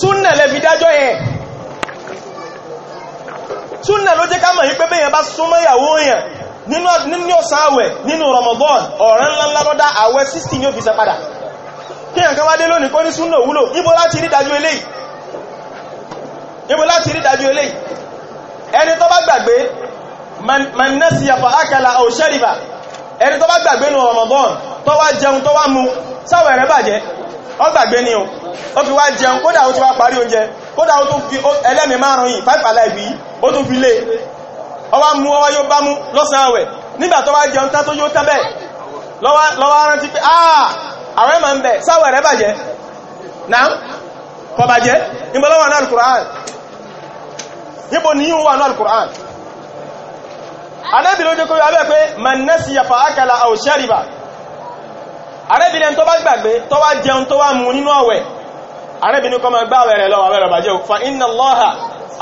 súnnà lẹ́fi dájọ́ yẹn súnà ló jẹ́ ká mọ̀ wípé bẹ́yẹn bá súnmọ́ ìyàwó èèyàn nínú ọ̀sán àwẹ̀ nínú Ramadan ọ̀rẹ́ ńláńlá lọ́dá àwẹ̀ 16 yóò fi sẹ padà kí ẹ̀kan wá dé lónìí kó ní súnà wúlò ibo láti rí dájú eléyìí ibo láti rí dájú eléyìí ẹni tó bá gbàgbé man Ramadan tó wá jẹun tó wá mu sáwẹ̀ rẹ̀ bàjẹ́ ó gbàgbé ni o ó fi wá jẹun kódà ó ti wá parí oúnjẹ kódà ó tún fi ẹlẹ́mìí márùn-ún yìí five alive ó tún fi lé ọwá mú ọwá yóò bá mú lọ́sàn àwẹ̀ nígbà tó wá jẹun tán tó yóò tán bẹ́ẹ̀ lọ́wọ́ rántí pé àà ah, àwẹ̀ ma ń bẹ̀ sáwẹ̀ rẹ̀ bàjẹ́ náà kò bàjẹ́ níbo ló wà ní Al-Qur'an níbo ni yíò wà ní Al-Qur'an Ànábì ló jẹ́ kó yọ pé man nasiya fa akala aw shariba arẹ́bìnrin tó bá gbàgbé tó wá jẹun tó wá mú máa gbá rẹ̀ lọ àwẹ̀ rẹ̀ bàjẹ́ fa inna Allaha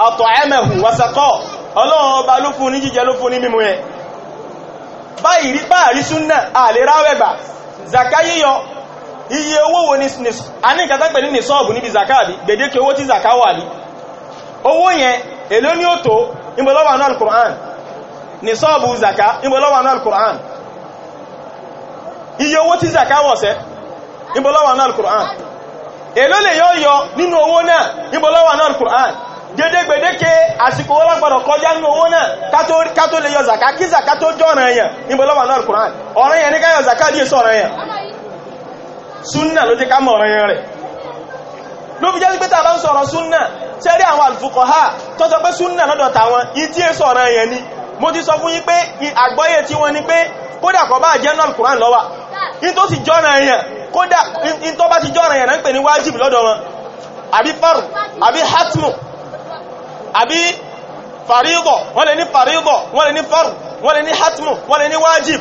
àtọ̀ẹ́mẹ̀hù wasakọ́ ọlọ́run ọba ló fún ní jíjẹ ló fún ní mímu yẹn báyìí rí báàrí súnnà àléráwẹ̀gbà zaka yíyọ iye owó wo ní àníkàtà pẹ̀lú ní sọ́ọ̀bù níbi zaka àbí gbèdéke owó tí zaka wà ní owó yẹn èló ní ó ìbọ̀lọ́wà náà al-Qur'an ní sọ́ọ̀bù zaka ìbọ̀lọ́wà náà al-Qur'an iye owó zaka wọ̀ sẹ́ ìbọ̀lọ́wà al-Qur'an èló lè yọ yọ nínú al-Qur'an àsìkò wọ́n lágbàdọ̀ kọjá ní owó náà kátó lè yọ zaka kí zaka tó jọ́nà èyàn níbo lọ́wà náà kùrán ọ̀rọ̀ yẹn ní káyọ zaka díẹ̀ sọ̀rọ̀ èyàn súnnà ló jẹ́ ká mọ̀ ọ̀rọ̀ yẹn rẹ̀ ló fi jẹ́ pé tàbá ń sọ̀rọ̀ súnnà tẹ́rí àwọn alfuqaha tó sọ ni mo ti sọ fún yín pé àgbọ́yé tí wọ́n ni pé kódà kọ bá jẹ́ náà kùrán lọ́wà in tó ti jọ́nà èyàn kódà in tó bá ti jọ́nà èyàn náà ń pè ní wájìbì lọ́dọ̀ wọn àbí faru àbí hatmu àbí fàríbọ̀ wọ́n lè ní fàríbọ̀ wọ́n lè ní fọ́rù wọ́n lè ní hatmu wọ́n lè ní wájib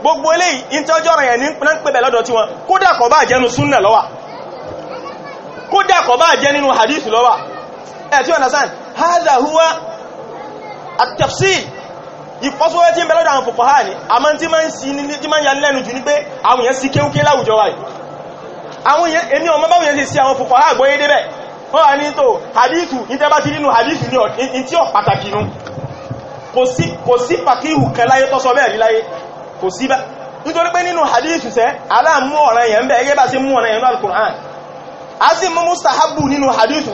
gbogbo eléyìí ìtọ́jọ́ rẹ̀ ní pẹ́bẹ̀ lọ́dọ̀ tí wọn kódà kò bá jẹ́nu súnnà lọ́wà kódà kò bá jẹ́ nínú hadith lọ́wà ẹ̀ tí wọ́n sàn hadha huwa at wọ́n wà ní tó hadithu ìtẹ́bá ti nínú hadithu ní tí ó pàtàkì nú kò sí pàkíhù kan láyé tó sọ bẹ́ẹ̀ rí láyé kò sí bá nítorí pé nínú hadithu sẹ́ aláàmú ọ̀ràn yẹn bẹ́ẹ̀ gẹ́gẹ́ bá ṣe mú ọ̀ràn yẹn ní al-Qur'an a sì mú mustahabu nínú hadithu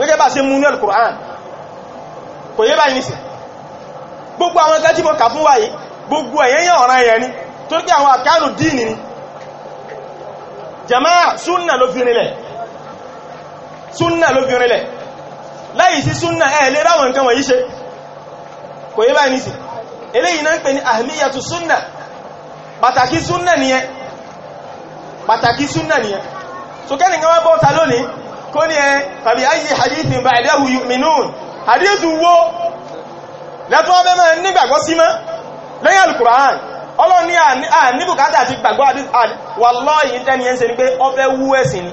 gẹ́gẹ́ jama'a sunna ló fi súnnà ló fi rinlẹ̀ láì sí súnnà ẹ̀ lè ráwọn nǹkan wọ̀nyí ṣe kò yé báyìí nìsí eléyìí náà ń pè ní àhìmíyàtù súnnà pàtàkì súnnà nìyẹn pàtàkì súnnà nìyẹn so kẹ́ni kan wá bọ́ta lónìí kó ní ẹ tàbí ayé hadithin ba'dahu yu'minun hadithu wo lẹ́tọ́ ọbẹ̀ mẹ́ nígbàgbọ́ sí mọ́ lẹ́yìn alukuraan ọlọ́ni à níbùkátà àti gbàgbọ́ àdí wàlọ́yìn ẹ́ ń ṣe ní pé ọbẹ̀ wú ẹ̀sìn ni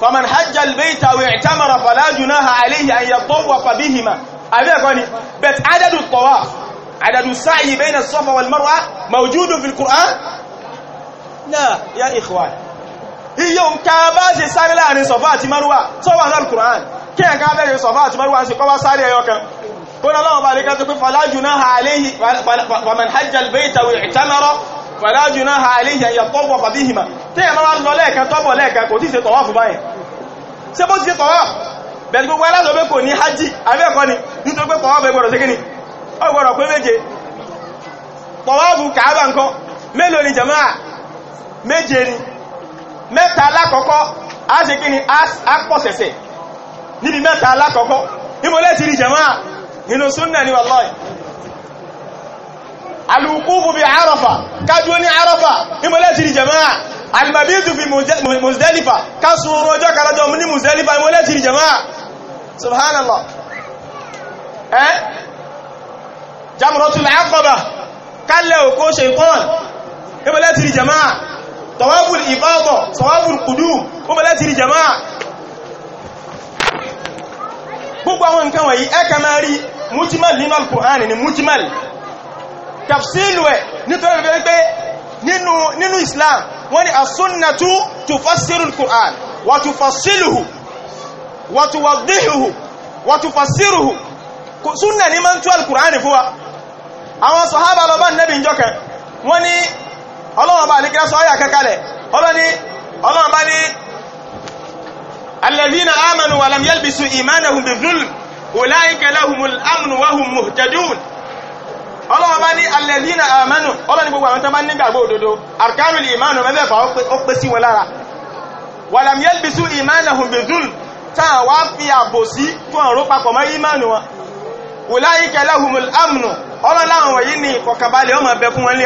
فمن حج البيت أو اعتمر فلا جناح عليه أن يطوف بهما أبي أقولي بس عدد الطواف عدد السعي بين الصفا والمروة موجود في القرآن لا يا إخوان يوم كاباس ساري لا عن صفات مروة سوى هذا القرآن كي كاباس صفات مروة سيقوى ساري يوكا قول الله بارك كده فلا جناح عليه فمن حج البيت أو اعتمر fàlá na ha aléyìn yàtọ̀ wọ̀ fàbí ìhìmà tí ẹ̀ máa lọ lẹ́ẹ̀kan tọ́bọ̀ lẹ́ẹ̀kan kò tí ṣe tọ̀wọ́ fún báyìí ṣe bó ti ṣe tọ̀wọ́ bẹ̀rẹ̀ gbogbo alásọ̀bẹ̀ kò ní hajj abẹ́ẹ̀kọ́ ni nítorí pé tọ̀wọ́ bẹ̀ gbọ́dọ̀ ṣe kíni ó gbọ́dọ̀ pé méje ni alùkúfù bí àrọ̀fà kájúó ní àrọ̀fà ìmọ̀lẹ́ ti rí jama'a alìmọ̀bíyàtù fi Muzdalifa kásùn oorun ọjọ́ kalajọ ní Muzdalifa ìmọ̀lẹ́ ti rí jama'a subhanallah eh jamratul aqaba kálẹ̀ òkó ṣeikọ́n ìmọ̀lẹ́ gbogbo àwọn nǹkan wọ̀nyí ẹ kà nínú al ni mújímàl tafsilu ẹ̀ nítorí pé pé nínú nínú islam wọ́n ní asúnnàtú tufassirul qur'an wa tufassiluhu wa tuwaddihuhu wa tufassiruhu súnnà ní máa ń tú al-qur'an fún wa àwọn sàhábà lọ bá nẹ́bì ìjọkẹ̀ wọ́n ní ọlọ́run bá ọlọ́wọ́ bá ní alẹ́línà àmánù ọlọ́ni gbogbo àwọn tó bá nígbàgbọ́ òdodo arkanu ìmánu mẹ́fẹ́fà ó pé sí wọn lára wàlàm yalbisu ìmánahum bidhulm táà wá fi àbò sí fún ọ̀rọ̀ papọ̀ mọ́ ìmánu wọn ulaika lahumul amnu ọlọ́láwọn wọ̀nyí ni ìkọ̀kàbalẹ̀ ọmọ bẹ fún wọn lé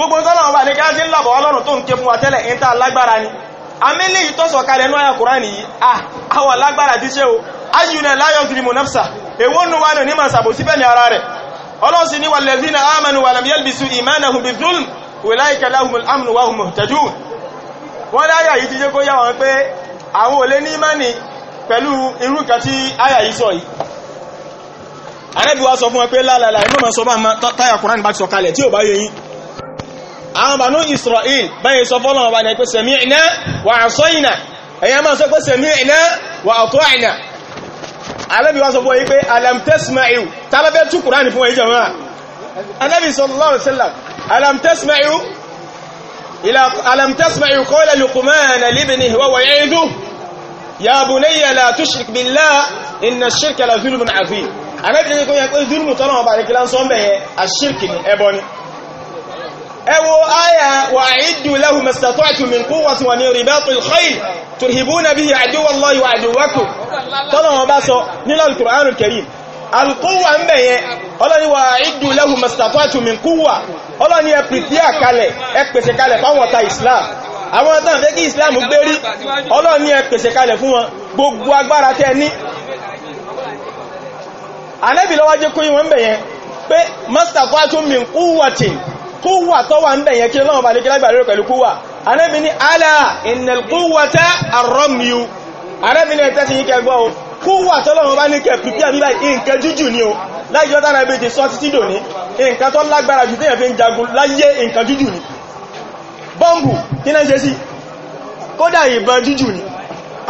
gbogbo tọ́lọ̀wọ́ bá ní kí á ti ń lọ̀bọ̀ ọlọ́run tó ń ké fún wa tẹ́lẹ̀ ìta lágbára ni amílì ìtọ́sọ̀ kalẹ̀ ní àyà kùránì yìí ah, àwọn lágbára ti ṣe o ayyuna la yuzlimu amanu wa lam yalbisu imanahum bizulm ulaika lahumul amnu wa hum muhtadun wọ́n láyà yìí ti jẹ́ kó yá wọn pé àwọn olè ní imani pẹ̀lú irú nǹkan tí àyà sọ fún wọn pé lálàlà inú sọ bá táyà kùránì bá sọ kalẹ̀ tí ò bá yẹ yìí àwọn bànú Israel báyìí sọ fọ́lọ́ ọba ní pé sami'na wa asayna ẹ̀yà máa sọ pé sami'na wa ata'na alẹ́bí wá sọ fún yí pé alam tasma'u tálẹ́fẹ́ tú kùránì fún ẹjọ́ máa alẹ́bí sallallahu alaihi wasallam ẹwọ aya wa àìdù lẹ́hùn mẹ́sàtọ́tù min kúwàtí wà ní ribatul khayl turhibuna bihi àdúwọ́lọ́ ìwà àdúwọ́kù tọ́lọ̀ wọn bá sọ nílò alkùránù karim alkúwà ń bẹ̀yẹ ọlọ́ni wa àìdù lẹ́hùn mẹ́sàtọ́tù min kúwà ọlọ́ni ẹ pìpìyà kalẹ̀ ẹ pèsè kalẹ̀ fáwọn ọ̀tá islam àwọn ọ̀tá fẹ́ kí islam gbérí ọlọ́ni ẹ pèsè kalẹ̀ fún wọn gbogbo agbára tẹ́ ní anẹ́bì kó yí wọn pé mẹ́sàtọ́tù min kúwàtì kúwà tó wà ń bẹ̀yẹn kí lọ́wọ́ bá lè kílágbà lórí pẹ̀lú kúwà anábi ní alá ìnàlkúwàtá àrọ́mìú anábi ní ẹ̀tẹ́ sí yí kẹgbọ́ o kúwà tó lọ́wọ́ bá ní kẹ pípí àbíbá nǹkan jújù ni o láyọ́ dára bí ti sọ títí dò ní nǹkan tó lágbára jù téèyàn fi ń jagun láyé nǹkan jújù ni bọ́ǹbù kí náà ṣe sí kódà ìbọn jújù ni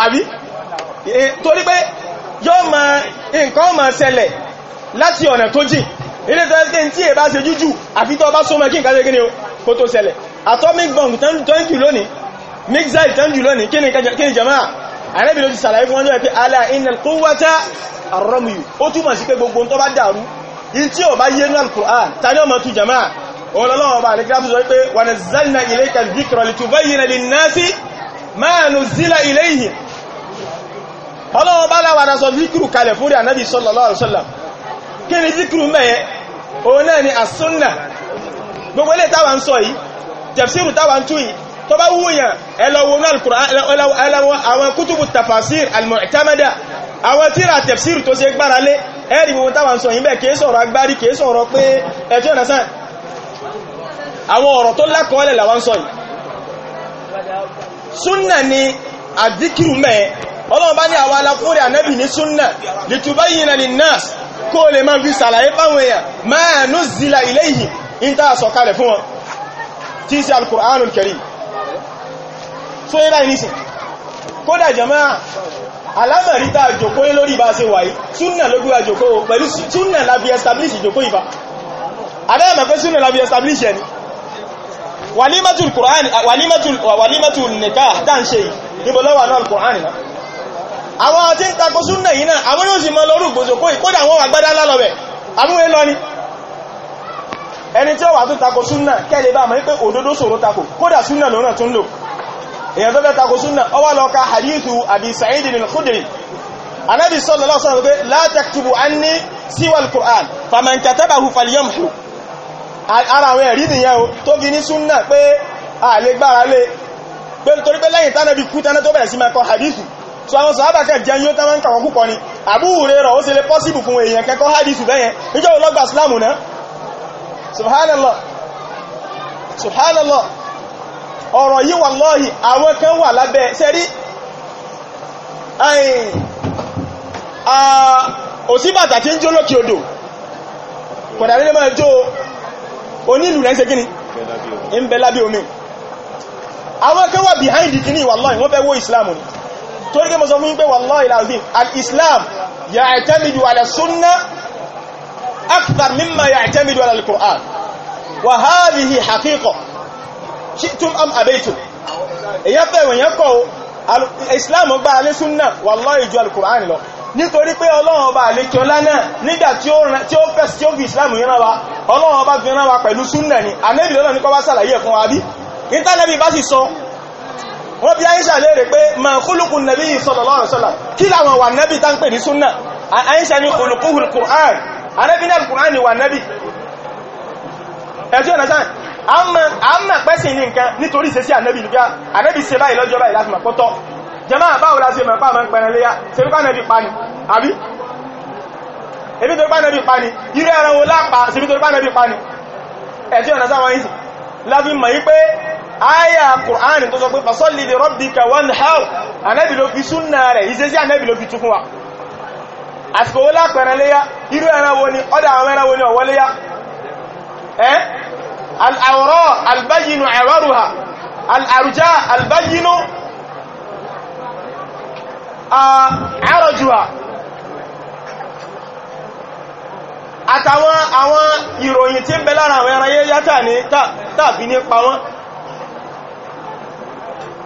àbí torí pé yóò máa nǹkan ó máa ṣẹlẹ̀ láti ọ̀nà tó jìn ilé tó ẹ́sìkẹ́ tí è bá ṣe jújù àfi tó bá súnmọ́ kí n kàṣẹ́ gíní o kó tó ṣẹlẹ̀ atomic bomb tọ́njù lónìí mixile tọ́njù lónìí kí ni jama'a arẹ́bìn ló ti sàlàyé fún ọjọ́ ẹ̀fẹ́ alá innal quwwata arramiyu ó túmọ̀ sí pé gbogbo tó bá dàrú in tí ò bá yé ní al-Qur'an ta ní ọmọ tu jama'a ọlọ́lọ́wọ́ bá lè kíláàtù sọ pé wa nazzalna ilayka dhikra litubayyina linnasi ma nuzzila ilayhim ọlọ́wọ́ bá láwàdà sọ zikiru kalẹ̀ fúrí ànábì sallallahu alaihi wasallam kí ni zikiru mẹ́yẹ òun náà ni asúnnà gbogbo ilé táwa ń sọ yìí tafsiru táwa ń tú yìí tó bá wúyàn ẹlọ́wọ́n al-Qur'an ẹlọ́wọ́ àwọn kútùbù tafasir al-mu'tamada àwọn tíra tafsiru tó ṣe gbára lé ẹ̀rì gbogbo táwa ń sọ yìí bẹ́ẹ̀ kìí sọ̀rọ̀ agbárí kìí ọlọ́run bá ní àwọn aláfúnrẹ̀ ànábì ní súnnà litubayyina linnas kó lè máa fi sàlàyé fáwọn èèyàn máa nuzila ilayhi in ta sọ̀kalẹ̀ fún wọn tí sí al-Qur'anul Karim so yẹ́ báyìí nísìn kódà jama'a alámàrí tá jòkó lórí bá ṣe wáyé súnnà ló gbíwa jòkó pẹ̀lú súnnà lábí establish jòkó Qur'an walimatul nikah tá ń ṣe yìí níbo lọ́wọ́ náà al-Qur'an náà àwọn tí ń takò súnnà yìí náà àwọn yóò sì mọ́ lọ́rù gbòsòkó ìkódà wọn wà lálọ́bẹ̀ àmúwé lọ ni ẹni tí ó wà tó takò súnnà kẹ́lẹ̀ bá mọ̀ wípé òdodo ṣòro takò kódà súnnà lọ́nà tún lò èyàn tó fẹ́ takò la taktubu anni siwa al-Qur'an faman katabahu falyamhu ara àwọn ẹ̀rí nìyẹn o tó fi ní súnnà pé a lè gbára lé pé nítorí pé so àwọn sọ̀hábà kẹ́ jẹ́ yóò tánmà ń kàwọn púpọ̀ ni Abu Hurairah ó sì lè pọ́síbù fún èèyàn kẹ́kọ́ hadithu bẹ́yẹn níjọ́ Islam náà subhanallah subhanallah ọ̀rọ̀ ọrọ òsíbàtà tí ń jó lókè odò kọ̀dàrí lè máa onílù rẹ̀ ń ṣe gíní ń bẹ omi àwọn Islam ni torí kí mo sọ fún yín pé wallahi alazim al-islam ya'tamidu ala sunnah akthar mimma ya'tamidu ala al-qur'an wa hadhihi haqiqa shi'tum am abaytum èyàn fẹ́wọ̀n yẹn kọ́ islam gbá alé súnnà wallahi ju al-qur'an lọ nítorí pé ọlọ́run ọba àlékí ọlá náà nígbà tí ó fẹ́ tí ó bá sàlàyé wọ́n bí Aisha léèrè pé ma kúlùkùn nàbí sallallahu alaihi wasallam kí làwọn wà nàbí tá ń pè ní súnà Aisha ní olùkúhùn Qur'an anábí náà Qur'an ni wà nàbí ẹjọ́ ọ̀nà sáà a ń mọ̀ pẹ́sìn ní nǹkan nítorí ìṣesí ànábì nígbà ànábì ṣe báyìí lọ́jọ́ báyìí láti mọ̀pọ́tọ́ jẹmọ́ àbáwò láti mọ̀ pàmọ́ pẹ̀rẹ̀lẹ́yà ṣe wípá ànábì pani àbí ebi tó lápàá ṣe bí tó pànábì pani ẹjọ́ ọ̀nà sáà wọ́n yìí mọ̀ yí pé aya Qur'an tó sọ pé fasalli li rabbika wanhar Ànábì ló fi súnnà rẹ̀ ìṣẹ́ sí Ànábì ló fi tún fún wa àsìkò wó lápẹ̀rẹ̀ léyá irú ẹran wo ni ọdá àwọn ẹran wo ni ọ̀wọ́ léyá ẹ́ al'awọ̀rọ̀ albayinu ẹ̀rọrùha al'arujá albayinu àrọ̀jùha ah, àtàwọn àwọn ìròyìn tí ń bẹ lára àwọn ẹran yátà ní tàbí nípa wọn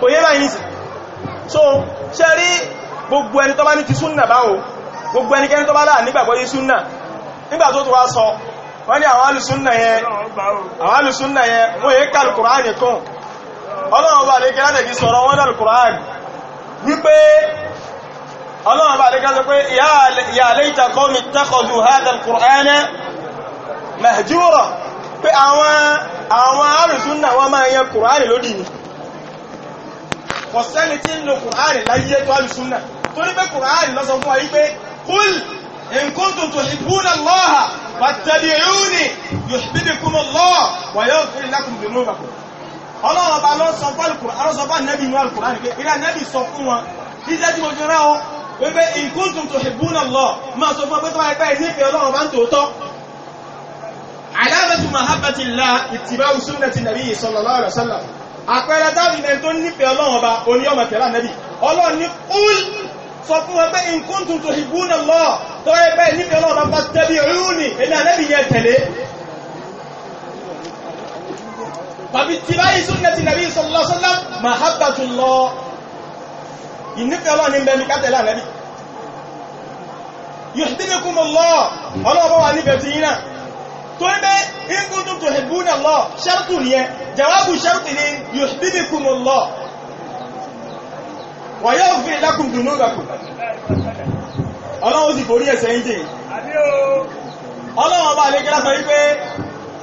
kò yé báyìí nìsí so ṣe rí gbogbo ẹni tó bá ní ti súnnà báwo gbogbo ẹnikẹ́ni tó bá láà nígbàgbọ́ yé súnnà nígbà tó tó wá sọ wọ́n ní àwọn alùsúnnà yẹn àwọn alùsúnnà yẹn wọ́n yé kàlù kùránì kún ọlọ́run bá lè kẹ́lá lẹ́bí sọ̀rọ̀ wọ́n dàlù kùránì wípé ọlọ́run bá lè kẹ́lá pé ya kò sẹ́ni tí ń lo kùránì láyé tó alùsùn náà torí pé kùránì lọ́sọ fún wa yí pé kúl in kuntum tuhibbuna Allaha fattabi'uni yuhbibkum Allah wa yaghfir lakum dhunubakum ọlọ́run ọba ló sọ fún alùkùránì ló sọ fún ànábì inú alùkùránì pé ilé ànábì sọ fún wọn jíjẹ́ tí mo fi rán ọ wípé in kuntum tuhibbuna Allah fún ọ pé tó wáyé pé ìnífẹ̀ẹ́ ọlọ́run bá ń tòótọ́ alamatu àpẹẹrẹ dábì mẹ́ tó nífẹ̀ẹ́ ọlọ́run ọba oní ọmọ tẹ̀lá nẹ́bì ọlọ́run ní kúl sọ fún wọn pé in kuntum tuhibbuna Allah tó yẹ pé nífẹ̀ẹ́ ọlọ́run ọba tẹ́bí rúùnì èmi ànẹ́bì yẹn tẹ̀lé tàbí tìbáyì sunnati nabi sallallahu alaihi wasallam mahabbatullah ìnífẹ̀ẹ́ ọlọ́run ní bẹ́ẹ̀ ní kátẹ̀lá nẹ́bì yuhibbukumullah ọlọ́run ọba wà nífẹ̀ẹ́ ti yín náà torí pé ìkúntù tó hìbúnà lọ ṣẹ́rùtù nìyẹn jawabu ṣẹ́rùtù ni yuhibbukumullah wa yaghfir lakum dunubakum ọlọ́run sì forí ẹ̀ṣẹ̀ yín jìn ọlọ́run ọba àlejò sọ wípé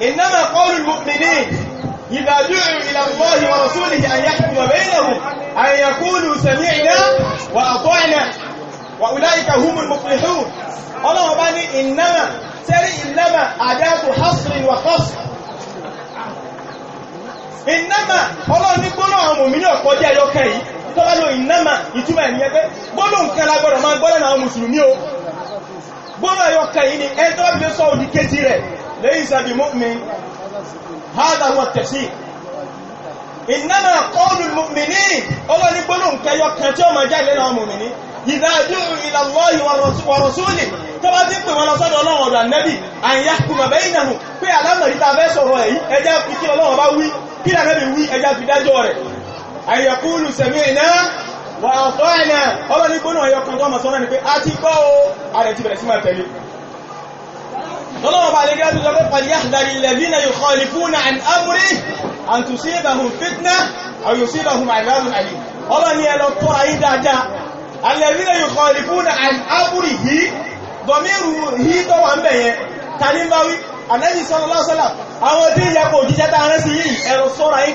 innama qawlul mu'minin idha du'u ila Allahi wa rasulihi an yahkuma baynahum an yaqulu sami'na sẹ́rí ìnáma àdáàbò hasri wà kọ́sì ìnáma ọlọ́run ní gbóná àwọn mòmìnì ọ̀pọ̀ jẹ́ ẹyọkẹ́ yìí tó bá lo ìnáma ìtumọ̀ ẹ̀nìyàn pé gbóná nǹkan lágbọ́dọ̀ máa gbọ́dọ̀ náà mùsùlùmí o gbóná ẹyọkẹ́ yìí ni ẹni tó bá fi sọ òdì kejì rẹ̀ lẹ́yìn sàbí mu'min hádà wọn tẹ̀sí ìnáma qawlul mu'minin ọlọ́run ní gbóná nǹkan ẹyọkẹ́ tí ó ìdájú ìlàlọ́yì wọ̀rọ̀súlì tó bá ti pè wọn lọ sọ́dọ̀ ọlọ́run ọ̀dọ̀ ànẹ́bì àyíyá kùmọ̀ bẹ́yìn náà pé alámọ̀rí ta fẹ́ sọ̀rọ̀ èyí ẹjá fi kí ọlọ́run bá wí kí ànẹ́bì wí ẹjá fi dájọ́ rẹ̀ àyẹ̀kúlù sẹ̀mí iná wà ọ̀tọ́ ẹ̀nà ọlọ́ ní gbóná ọyọ kan tó mọ̀ sọ́nà ni pé a ti gbọ́ o ààrẹ ti bẹ̀rẹ̀ sí máa tẹ̀lé ọlọ́run bá lè gẹ́ tó sọ pé pàdé yàtàrí ilẹ̀ bí na yóò kọ́ ní fún náà ní amúrí àǹtùsí ìbàhùn fitna àyòsí ìbàhùn àìbáhùn àyè ọlọ́ni ẹ lọ tọ́ ayé dáadáa alẹ́bílẹ̀ yìí kọ́ ìlú fún àbúrì yìí gọmírù yìí tó wà ń bẹ̀ yẹn ta ní bá wí anẹ́bí sallallahu alaihi wasallam àwọn tí ìyà kò jíjẹ́ ta rẹ́ sí yìí ẹ̀rọ sọ́ra àlì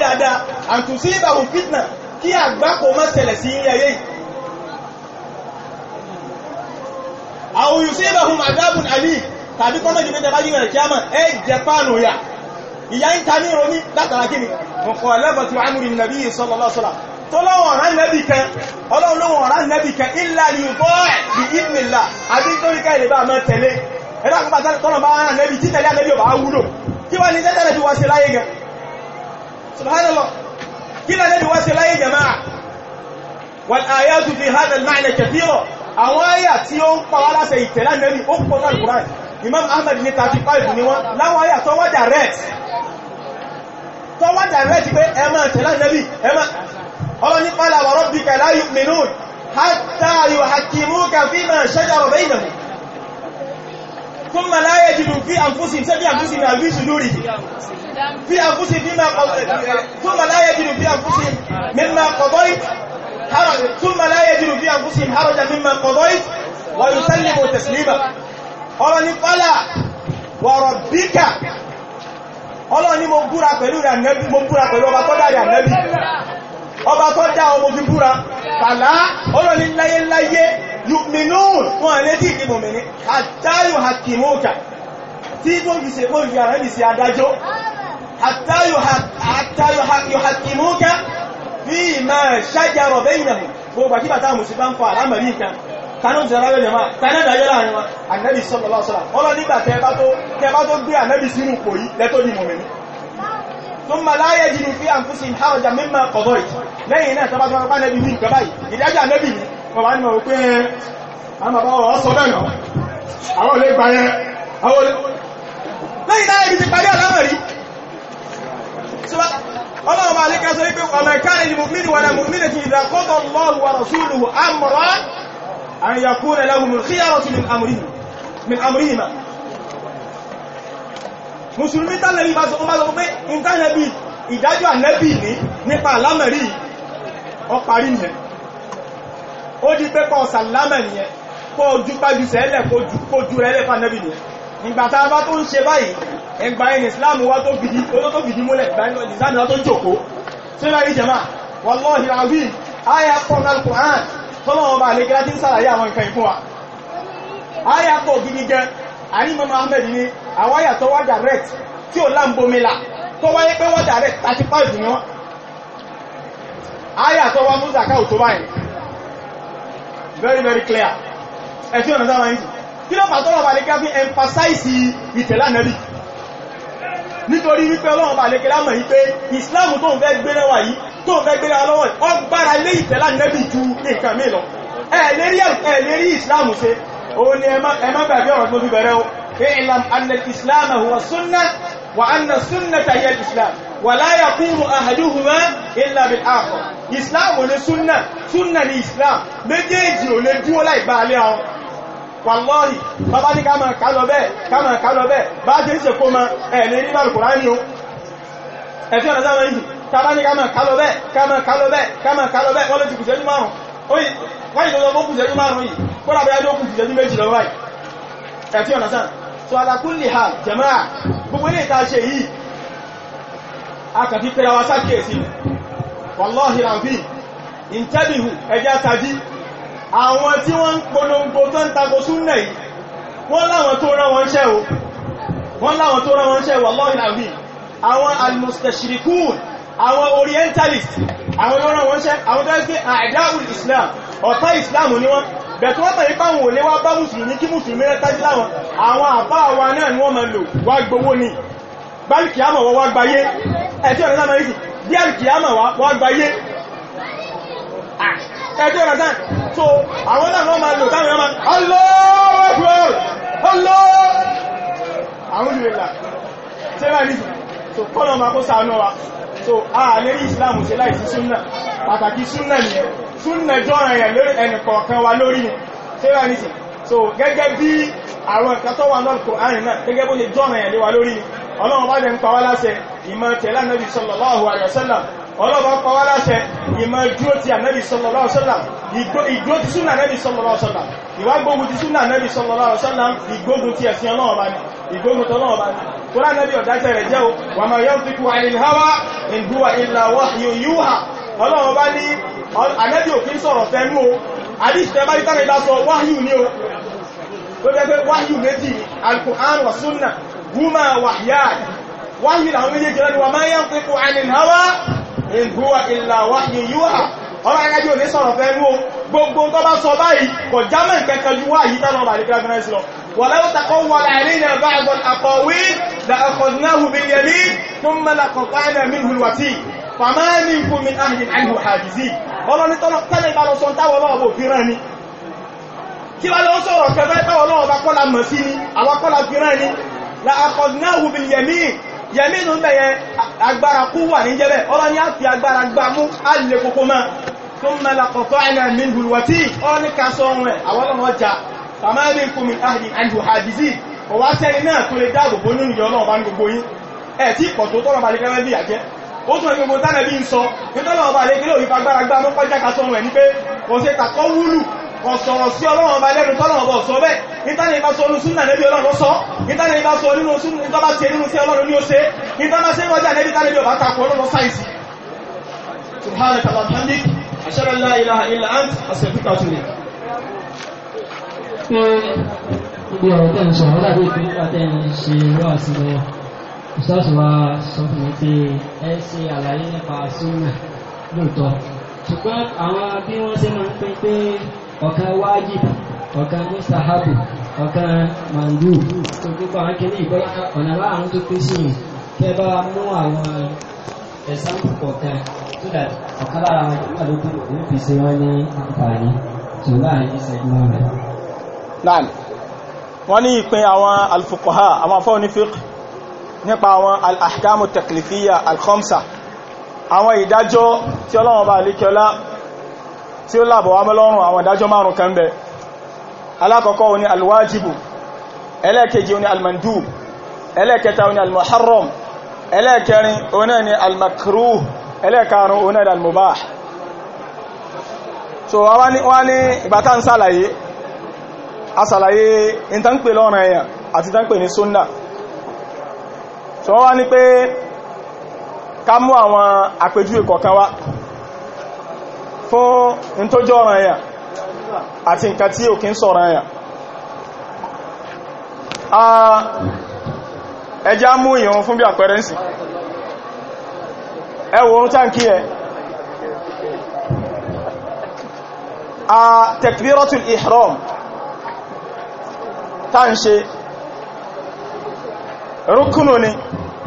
tàbí kọ́mẹ́jì mẹ́ta bá rẹ̀ kíámà ẹ̀ jẹ́ pàánù ìyá ń ta ní ìròmí látara kí ni mọ̀kọ̀ ẹlẹ́bọ̀ tí wàá múrin nàbí tó lọ́wọ́n ọ̀rá nẹ́bì kan ọlọ́run lọ́wọ́n ọ̀rá nẹ́bì kan ilá ni ò bọ́ ẹ̀ bí ìpìlá àbí tó rí káìlè bá mọ́ tẹ̀lé ẹ̀rọ àkọ́bà tọ́lọ̀ bá rán nẹ́bì tí tẹ̀lé ànẹ́bì ọba wúlò kí wọ́n ní tẹ́tẹ́lẹ̀ bí wọ́n ṣe láyé gan subhanallah kí lẹ́nẹ́ bí wọ́n ṣe láyé jama'a wal ayatu fi Imam Ahmad ni wọ́n láwọn àyà tó wá direct tó wá direct pé ẹ máa tẹ̀lá nẹ́bì ẹ ọlọ́ni pàlà wa rabbika la yu'minun hatta yuhakkimuka fima shajara bainahum ثم لا يجدوا في انفسهم في انفسهم ما في صدورهم في انفسهم فيما ثم لا يجدوا في انفسهم مما قضيت حرج ثم لا يجدوا في انفسهم حرجا مما قضيت ويسلموا تسليما ọlọ́ni fálà wọ̀rọ̀ bíkà ọlọ́ni mo búra pẹ̀lú ọba tó dárí ànẹ́bí ọba tó dá ọmọ fi búra tàlá olóní láyéláyé yùmínún wọn létí ìdìbò mìíní àtàyò hakimuka tí tó fi ṣe fún ìyàrá ní sí adájọ́ àtàyò hakimuka bí ìmọ̀ ṣájàrọ̀ bẹ́yìnàmù gbogbo àkíbà táwọn mùsùlùmí bá ń fa àlámọ̀rí nǹkan kanon ti arábẹ̀ ma kanon dájọ́ láàrin wa annabi sallallahu alaihi wasallam ọlọ́ nígbà tẹ́ẹ̀bá tó gbé annabi sínú pò yí lẹ́tọ́ ní mọ̀mẹ́ni tó mọ̀ láyé jìnnú fi àǹfúsí ìhárọ̀jà mímọ̀ kọ̀dọ̀ yìí lẹ́yìn náà tọba tọba nẹ́bí ní nǹkan báyìí ìdájọ́ nẹ́bí ni wọ́n bá ní mọ̀ pé àwọn bàbá wọn sọ bẹ́ẹ̀ náà àwọn olè gba yẹn àwọn olè lẹ́yìn náà ibi ti parí àlámọ̀ rí ọlọ́run bá léka sọ wípé ọmọ ẹ̀ka ni mùmínì wà ní mùmínì ti ìdàkọ́tọ̀ lọ́rùn wà rasúlù amọ̀rọ̀ àyàkúnẹ̀ lẹ́hùn kíyàrọ̀ sí min amúrìhì ma mùsùlùmí tálẹ̀ ní bá sọ pé ìdájọ́ ànẹ́bì ní nípa àlámọ̀ rí ọ parí nìyẹn ó di pé kọ́ sàlámà nìyẹn kó o ju pàjù sẹ́lẹ̀ kó ju rẹ̀ lẹ́fà nẹ́bì nìyẹn nígbà tá a bá tó ń ṣe báyìí ẹgbà ẹni Islam wa tó fìdí olótó fìdí múlẹ̀ ìsáàmì wa tó jòkó sílẹ̀ rí jẹ́mà wallahi azim àyà pọ̀ náà Qur'an tọ́lọ́wọ́ bá lè gíra tí ń sàlàyé àwọn nǹkan ìfún wa àyà pọ̀ gidi gan àní mọ́mọ́ Ahmed ni àwáyà tó wá direct tí ò láǹbomila tó wáyé pé wọ́n direct 35 ni wọ́n ayà tó wa musa zaka ò báyìí very very clear ẹ̀tí ọ̀nà sáwọn ìsìn kí ló pàtó ọlọ́pàá lè káfí emphasize ìtẹ̀lá nẹ́bí nítorí wípé ọlọ́pàá lè kẹ́lá mọ̀ wípé Islam tó ń fẹ́ gbéra wà yìí tó ń fẹ́ gbéra lọ́wọ́ ọgbára ilé ìtẹ̀lá nẹ́bí ju nǹkan mi lọ ẹ̀ẹ̀lérí Islam ṣe òun ni ẹmọ́ gbàgbé ọ̀rọ̀ tó fi bẹ̀rẹ̀ o ìlàm anna Islam huwa sunnah wa anna sunnata hiya Islam wàlá yaqumu ahaduhuma illa bil akhar islam ò ní súnà súnà ní islam méjèèjì ò lè dúró láì bá alẹ́ ọ wàlọ́ọ̀hì bàbá ní káàmà kálọ bẹ́ẹ̀ káàmà kálọ bẹ́ẹ̀ bá jẹ́ ìṣẹ́ kó ma ẹ̀lẹ́ nígbà Kùránì o ẹ̀fí ọ̀nà sáwọn yìí tàbá ní káàmà kálọ bẹ́ẹ̀ káàmà kálọ bẹ́ẹ̀ káàmà kálọ bẹ́ẹ̀ wọ́n ló ti kù márùn-ún wọ́n yìí tó lọ kù sẹ́jú márùn yìí kó dàbí ajó kù méjì lọ báyìí ẹ̀fí ọ̀nà sáà so ala kulli hal akàfi pẹ̀lú wa sákèsí wàláhì ràbí ìntẹ́bìhù ẹjá tají àwọn tí wọ́n ń polongo tó ń tako súnnà yìí wọ́n láwọn tó rán wọn ṣẹ́ o wọ́n láwọn tó rán wọn ṣẹ́ wàláhì ràbí àwọn almustashirikun àwọn orientalist àwọn ló rán wọn ṣẹ́ àwọn tó ṣe àìdáhùn islam ọ̀tá islam ni wọ́n bẹ̀tún wọ́n tàbí páwọn ò lé wá bá mùsùlùmí kí mùsùlùmí rẹ̀ tají láwọn àwọn àbá wa náà ni wọ́n máa wá gbowó ni báńkì àmọ̀ wọ́n wá gbáyé ẹ̀tí ọ̀rẹ́ sáà mẹ́rìsì bí àǹkì àmọ̀ wọ́n gbáyé ẹ̀tí ọ̀rẹ́ sáà so àwọn náà wọ́n máa lò táwọn ọmọ ọlọ́wọ́ ọlọ́ àwọn olùrẹ̀lá tí ó rà ní so kọ́nà máa kó sàánú wa so a lè rí ìsìláàmù sí láìsí súnnà pàtàkì súnnà ni súnnà jọ́ràn ẹ̀ lórí ẹnìkọ̀ọ̀kan wa lórí ni tí ó ní so gẹ́gẹ́ bí àwọn nǹkan tó wà náà Kùránì náà gẹ́gẹ́ bó ṣe jọ́nà ẹ̀ léwa lórí ọlọ́run bá dẹ̀ ń pa wá láṣẹ ìmọ̀ tẹ̀lé ànábì sallallahu alaihi wasallam ọlọ́run pa wá láṣẹ ìmọ̀ dúró ti ànábì sallallahu alaihi wasallam ìdúró ti súnà ànábì sallallahu alaihi wasallam ìwágbógun ti súnà ànábì sallallahu alaihi wasallam ìgbógun ti ẹ̀sìn ọlọ́run bá ní ìgbógun tọ́lọ́run bá ní kúrò ànábì ọ̀dájẹ́ rẹ̀ jẹ́ o wa ma yantiqu anil hawa in huwa illa wahyun yuha ọlọ́run tó jẹ́ pé wáyù méjì alquran wa sunna gúnmà wàhíyà wáyù làwọn méjèèjì lọ́dún wa máa yá ń pè kó àní náwá ìgbúwa ìlà wáyù yúwà ọba ẹgbẹ́ òní sọ̀rọ̀ fẹ́ mú gbogbo tó bá sọ báyìí kò jámẹ́ ìkẹ́kẹ́ ju wáyìí tánà bà ní kíláfínẹ́sì lọ ولو تقول علينا kí wá lọ sọ̀rọ̀ kẹfẹ́ ìpáwọ̀ náà ọba kọ́lá mọ̀ sí ni àwọn kọ́lá fi rán ni la akọ̀dínáwù bí yẹ̀mí yẹ̀mí nù bẹ̀yẹ agbára kú wà ní jẹ́bẹ̀ ọlọ́ ni a fi agbára gbá mú á lè kókó mọ́ tó mẹ́ lakọ̀tọ́ àìnà mi hùwàtí ọlọ́ ni ká sọ ohun ẹ̀ àwọn ọlọ́run ọjà sàmáàbí kùmí ahìdì àjò hàjìzì ọwọ́ sẹ́ni náà tó lè dáàbò bó nínú ìyọ́ ọlọ́run bá ní gbogbo yín ẹ̀ tí pọ̀ tó tọ́lọ́ balẹ̀ kẹ́rẹ́ ó tún ẹgbẹ́ gbogbo tánà bí ń sọ nítorí ọba àlekele òyìnbó agbára gbá mú kọjá ká ní pé kò ṣe tàkọ́ wúlù ọ̀sọ̀rọ̀ sí ọlọ́run ọba lẹ́nu tọ́lọ́run ọba ọ̀sọ̀ bẹ́ẹ̀ ìtàní ìbá sọ olùsún náà nẹ́bí ọlọ́run sọ ìtàní ìbá sọ nínú sún ní tọ́bá ti nínú sí ọlọ́run ní ó ṣe ìtàní sí ọjà nẹ́bí tàní ọba takò ọlọ́run sáìsì subhanaka alhamdik ashara la ilaha illa ant asẹ̀fíkà tún ní. pé ibi ọ̀rọ̀ tẹ̀ ń sọ àlàyé nípa súnmọ̀ lóòótọ́ ṣùgbọ́n àwọn bí wọ́n ṣe máa ń pín pé ọ̀kan wájib ọ̀kan mustahabu ọ̀kan mandu tó gbogbo àwọn kìíní ìgbẹ́ ọ̀nà márùn tó pín sí yìí kẹ́ bá mú àwọn ẹ̀sán kọ̀ọ̀kan tó dà ọ̀kan lára wọn nígbà ló kún òun fi ṣe wọn ní àǹfààní tó láàrin ìṣẹ́jú rẹ̀. náà wọ́n ní ìpín àwọn alfuqaha àwọn afọ́ onífíkì nípa àwọn al-ahkamu taklifiyya al-khamsa àwọn ìdájọ́ tí Ọlọ́run bá lékẹ́ọ́lá tí ó láàbọ̀ wá mọ́lọ́rùn àwọn ìdájọ́ márùn kan bẹ alákọ̀ọ́kọ́ oní alwajibu ẹlẹ́ẹ̀kejì oní almandu ẹlẹ́ẹ̀kẹta oní almuharram ẹlẹ́ẹ̀kẹrin oní ni almakruh ẹlẹ́ẹ̀karùn oní almubah so wá ní ìgbàtà ń sàlàyé asàlàyé ìtànpè lọ́rọ̀ ẹ̀yà àti so wá ní pé ká mú àwọn fún in ọrụ ya ati ẹ̀yà àti nǹkan tí ò kí ń sọ̀ràn ẹ̀yà ẹjá mú ìrun fún bí àpẹẹrẹ ń sì ẹwọ orun táǹkì ẹ a tekbiratul ihram tá ń ṣe rúkúnù ni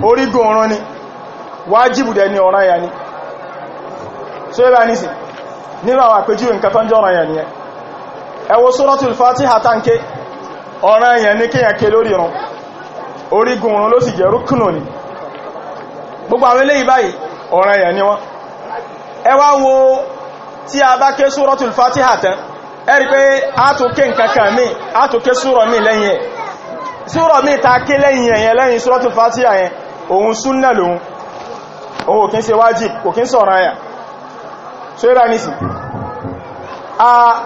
orígun ọ̀ràn ni wájìbù dẹ̀ ni ọ̀ràn ẹ̀yà ni so ẹ̀rọ anìsìn nínú àwọn àpéjú nǹkan tó ń jọ ọ̀ranyàn ni ẹ wo suratul Fatiha tánkẹ́ ọ̀ranyàn ní kíyàn ké lórí ìrun orígun ìrun ló sì jẹ́ rúkùnù ni gbogbo àwọn eléyìí báyìí ọ̀ranyàn ni wọ́n ẹ wá wo tí a bá ké suratul Fatiha tán ẹ pé a nǹkan kan míì a tún ké lẹ́yìn ẹ̀ súrọ̀ míì ta ké lẹ́yìn ẹ̀yẹn lẹ́yìn suratul Fatiha yẹn òun súnnà lòun òun kìí ṣe so yíra ní sí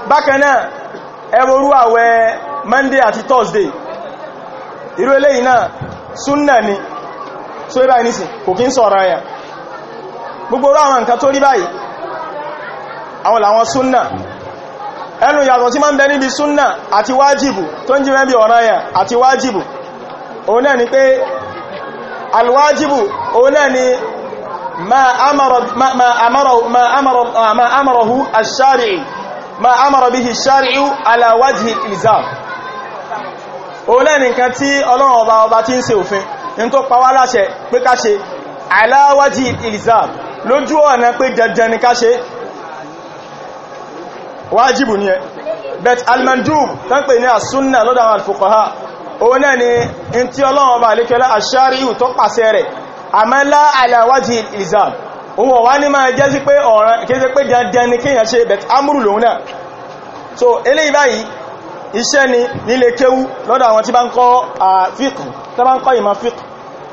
bákanáà ẹwọ́rú àwẹ̀ monday àti thursday irú eléyìí náà súnnà ni so yíra ní sí kò kí ń sọ̀rọ̀ ẹ̀yà gbogbo orú àwọn nǹkan tó rí báyìí àwọn làwọn súnnà ẹnu yàtọ̀ tí ma ń bẹ níbi súnnà àti wájìbù tó ń jíwẹ́ bí ọ̀ranyà àti wájìbù òun náà ni pé alwájìbù òun náà ni ما أمر ما أمره ما أمر ما أمره الشارع ما أمر به الشارع على وجه الإلزام أولئك nǹkan tí Ọlọ́run ọba ọba tí ń ṣe òfin ní tó pa wá láṣẹ pé ká ṣe ala wajhi ilzam lójú ọ̀nà pé dandan ni ká ṣe wájìbù ní ẹ bet almandub tán pè ní àsúnnà lọ́dọ̀ àwọn alfuqaha òun ni in tí Ọlọ́run ọba àlékẹ́lá àṣáríhù tó pàṣẹ rẹ̀ àmẹ́lá àlàwájì ìlìzàm òun ọ̀wá ní máa jẹ́ sí pé ọ̀ràn kéèsẹ́ pé dandan ni kíyàn ṣe bẹ̀t amúrù lòun náà so eléyìí báyìí iṣẹ́ ni nílé kéwú lọ́dọ̀ àwọn tí bá ń kọ́ fíkù tó bá ń kọ́ ìmọ̀ fíkù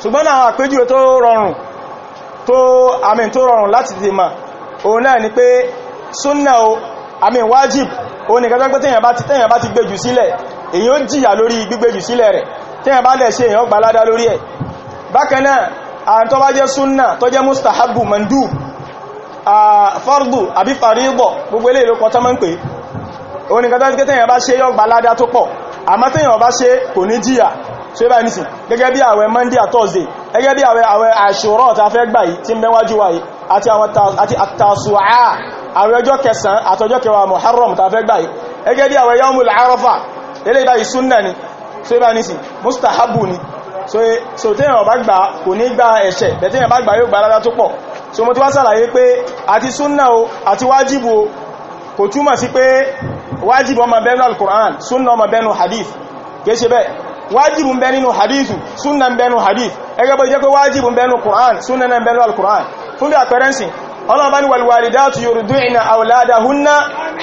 ṣùgbọ́n àwọn àpéjúwe tó rọrùn tó àmì tó rọrùn láti ti mà òun náà ni pé súnnà o àmì wájìb òun nìkan tó pé téèyàn bá àwọn tó bá jẹ́ súnnà tó jẹ́ mustahabu mandu fardu àbí faríbọ̀ gbogbo ilé ìlú kọtọ́ mọ́n pé o ní kọtọ́ ìkẹtẹ́ èyàn bá ṣe yọ gbalada tó pọ̀ àmọ́ tẹ́yàn bá ṣe kò ní jíyà ṣe bá nìsìn gẹ́gẹ́ bí àwẹ̀ monday à thursday gẹ́gẹ́ bí àwẹ̀ àwẹ̀ ta fẹ́ gbà yìí tí ń bẹ wájú àti arafa eléyìí báyìí ni ṣe bá nìsìn ni so eh, téèyàn bá gbà kò ní gba ẹ̀ṣẹ̀ bẹ̀ téèyàn bá gbà yóò gba ládá tó pọ̀ so mo ti wá sàlàyé pé àti súnà o àti wájìbù o kò túmọ̀ sí pé wájìbù ọmọ bẹ́nu al-Qur'an súnà ọmọ bẹ́nu hadith kìí ṣe bẹ́ẹ̀ wájìbù ń bẹ nínú hadithu súnà ń bẹnu hadith ẹgbẹ́ bó jẹ́ pé wájìbù ń bẹnu Qur'an súnà ń bẹnu al-Qur'an fún bí àpẹrẹnsìn ọlọ́run bá ní walwalidatu yurdi'na awladahunna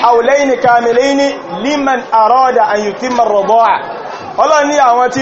hawlayni kamilayni liman arada an yutimma ar-rida'a ọlọ́run ní àwọn tí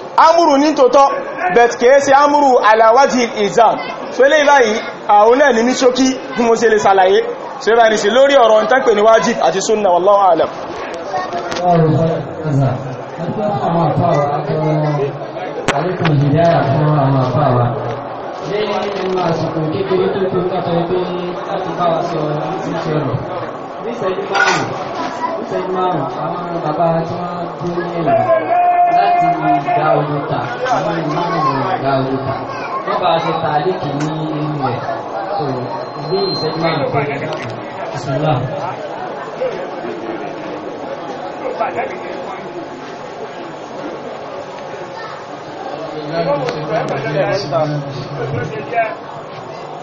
amúrù ní tòótọ́ bẹ̀t kìí ṣe amúrù aláwájì ìzàm so ilé ìbáyìí àwọn náà ní ní ṣókí bí mo ṣe lè ṣàlàyé so ìbáyìí sí lórí ọ̀rọ̀ ń tán pè ní wájì àti súnà wọ́n dúró ní dá owó ta àwọn ìmáàmù wọn dá owó ta wọ́n bá ṣe ta léèkì ní inú rẹ̀ tó ilé ìṣẹ́jú máa ń pẹ́ ìṣúná.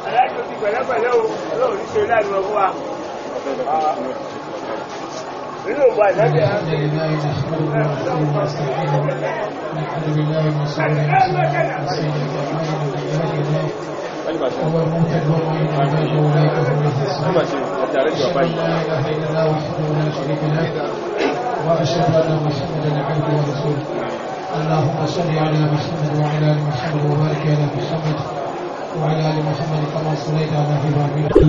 Aláìsí ti pẹ̀lẹ́pẹ̀lẹ́ o, olóòrí ṣe láàrin ọgbọ́n wa. nínú ògbà ìdájẹ́ وأشهد أن محمدا عبده ورسوله اللهم صل على محمد وعلى آل محمد وبارك على محمد وعلى آل محمد كما صليت على إبراهيم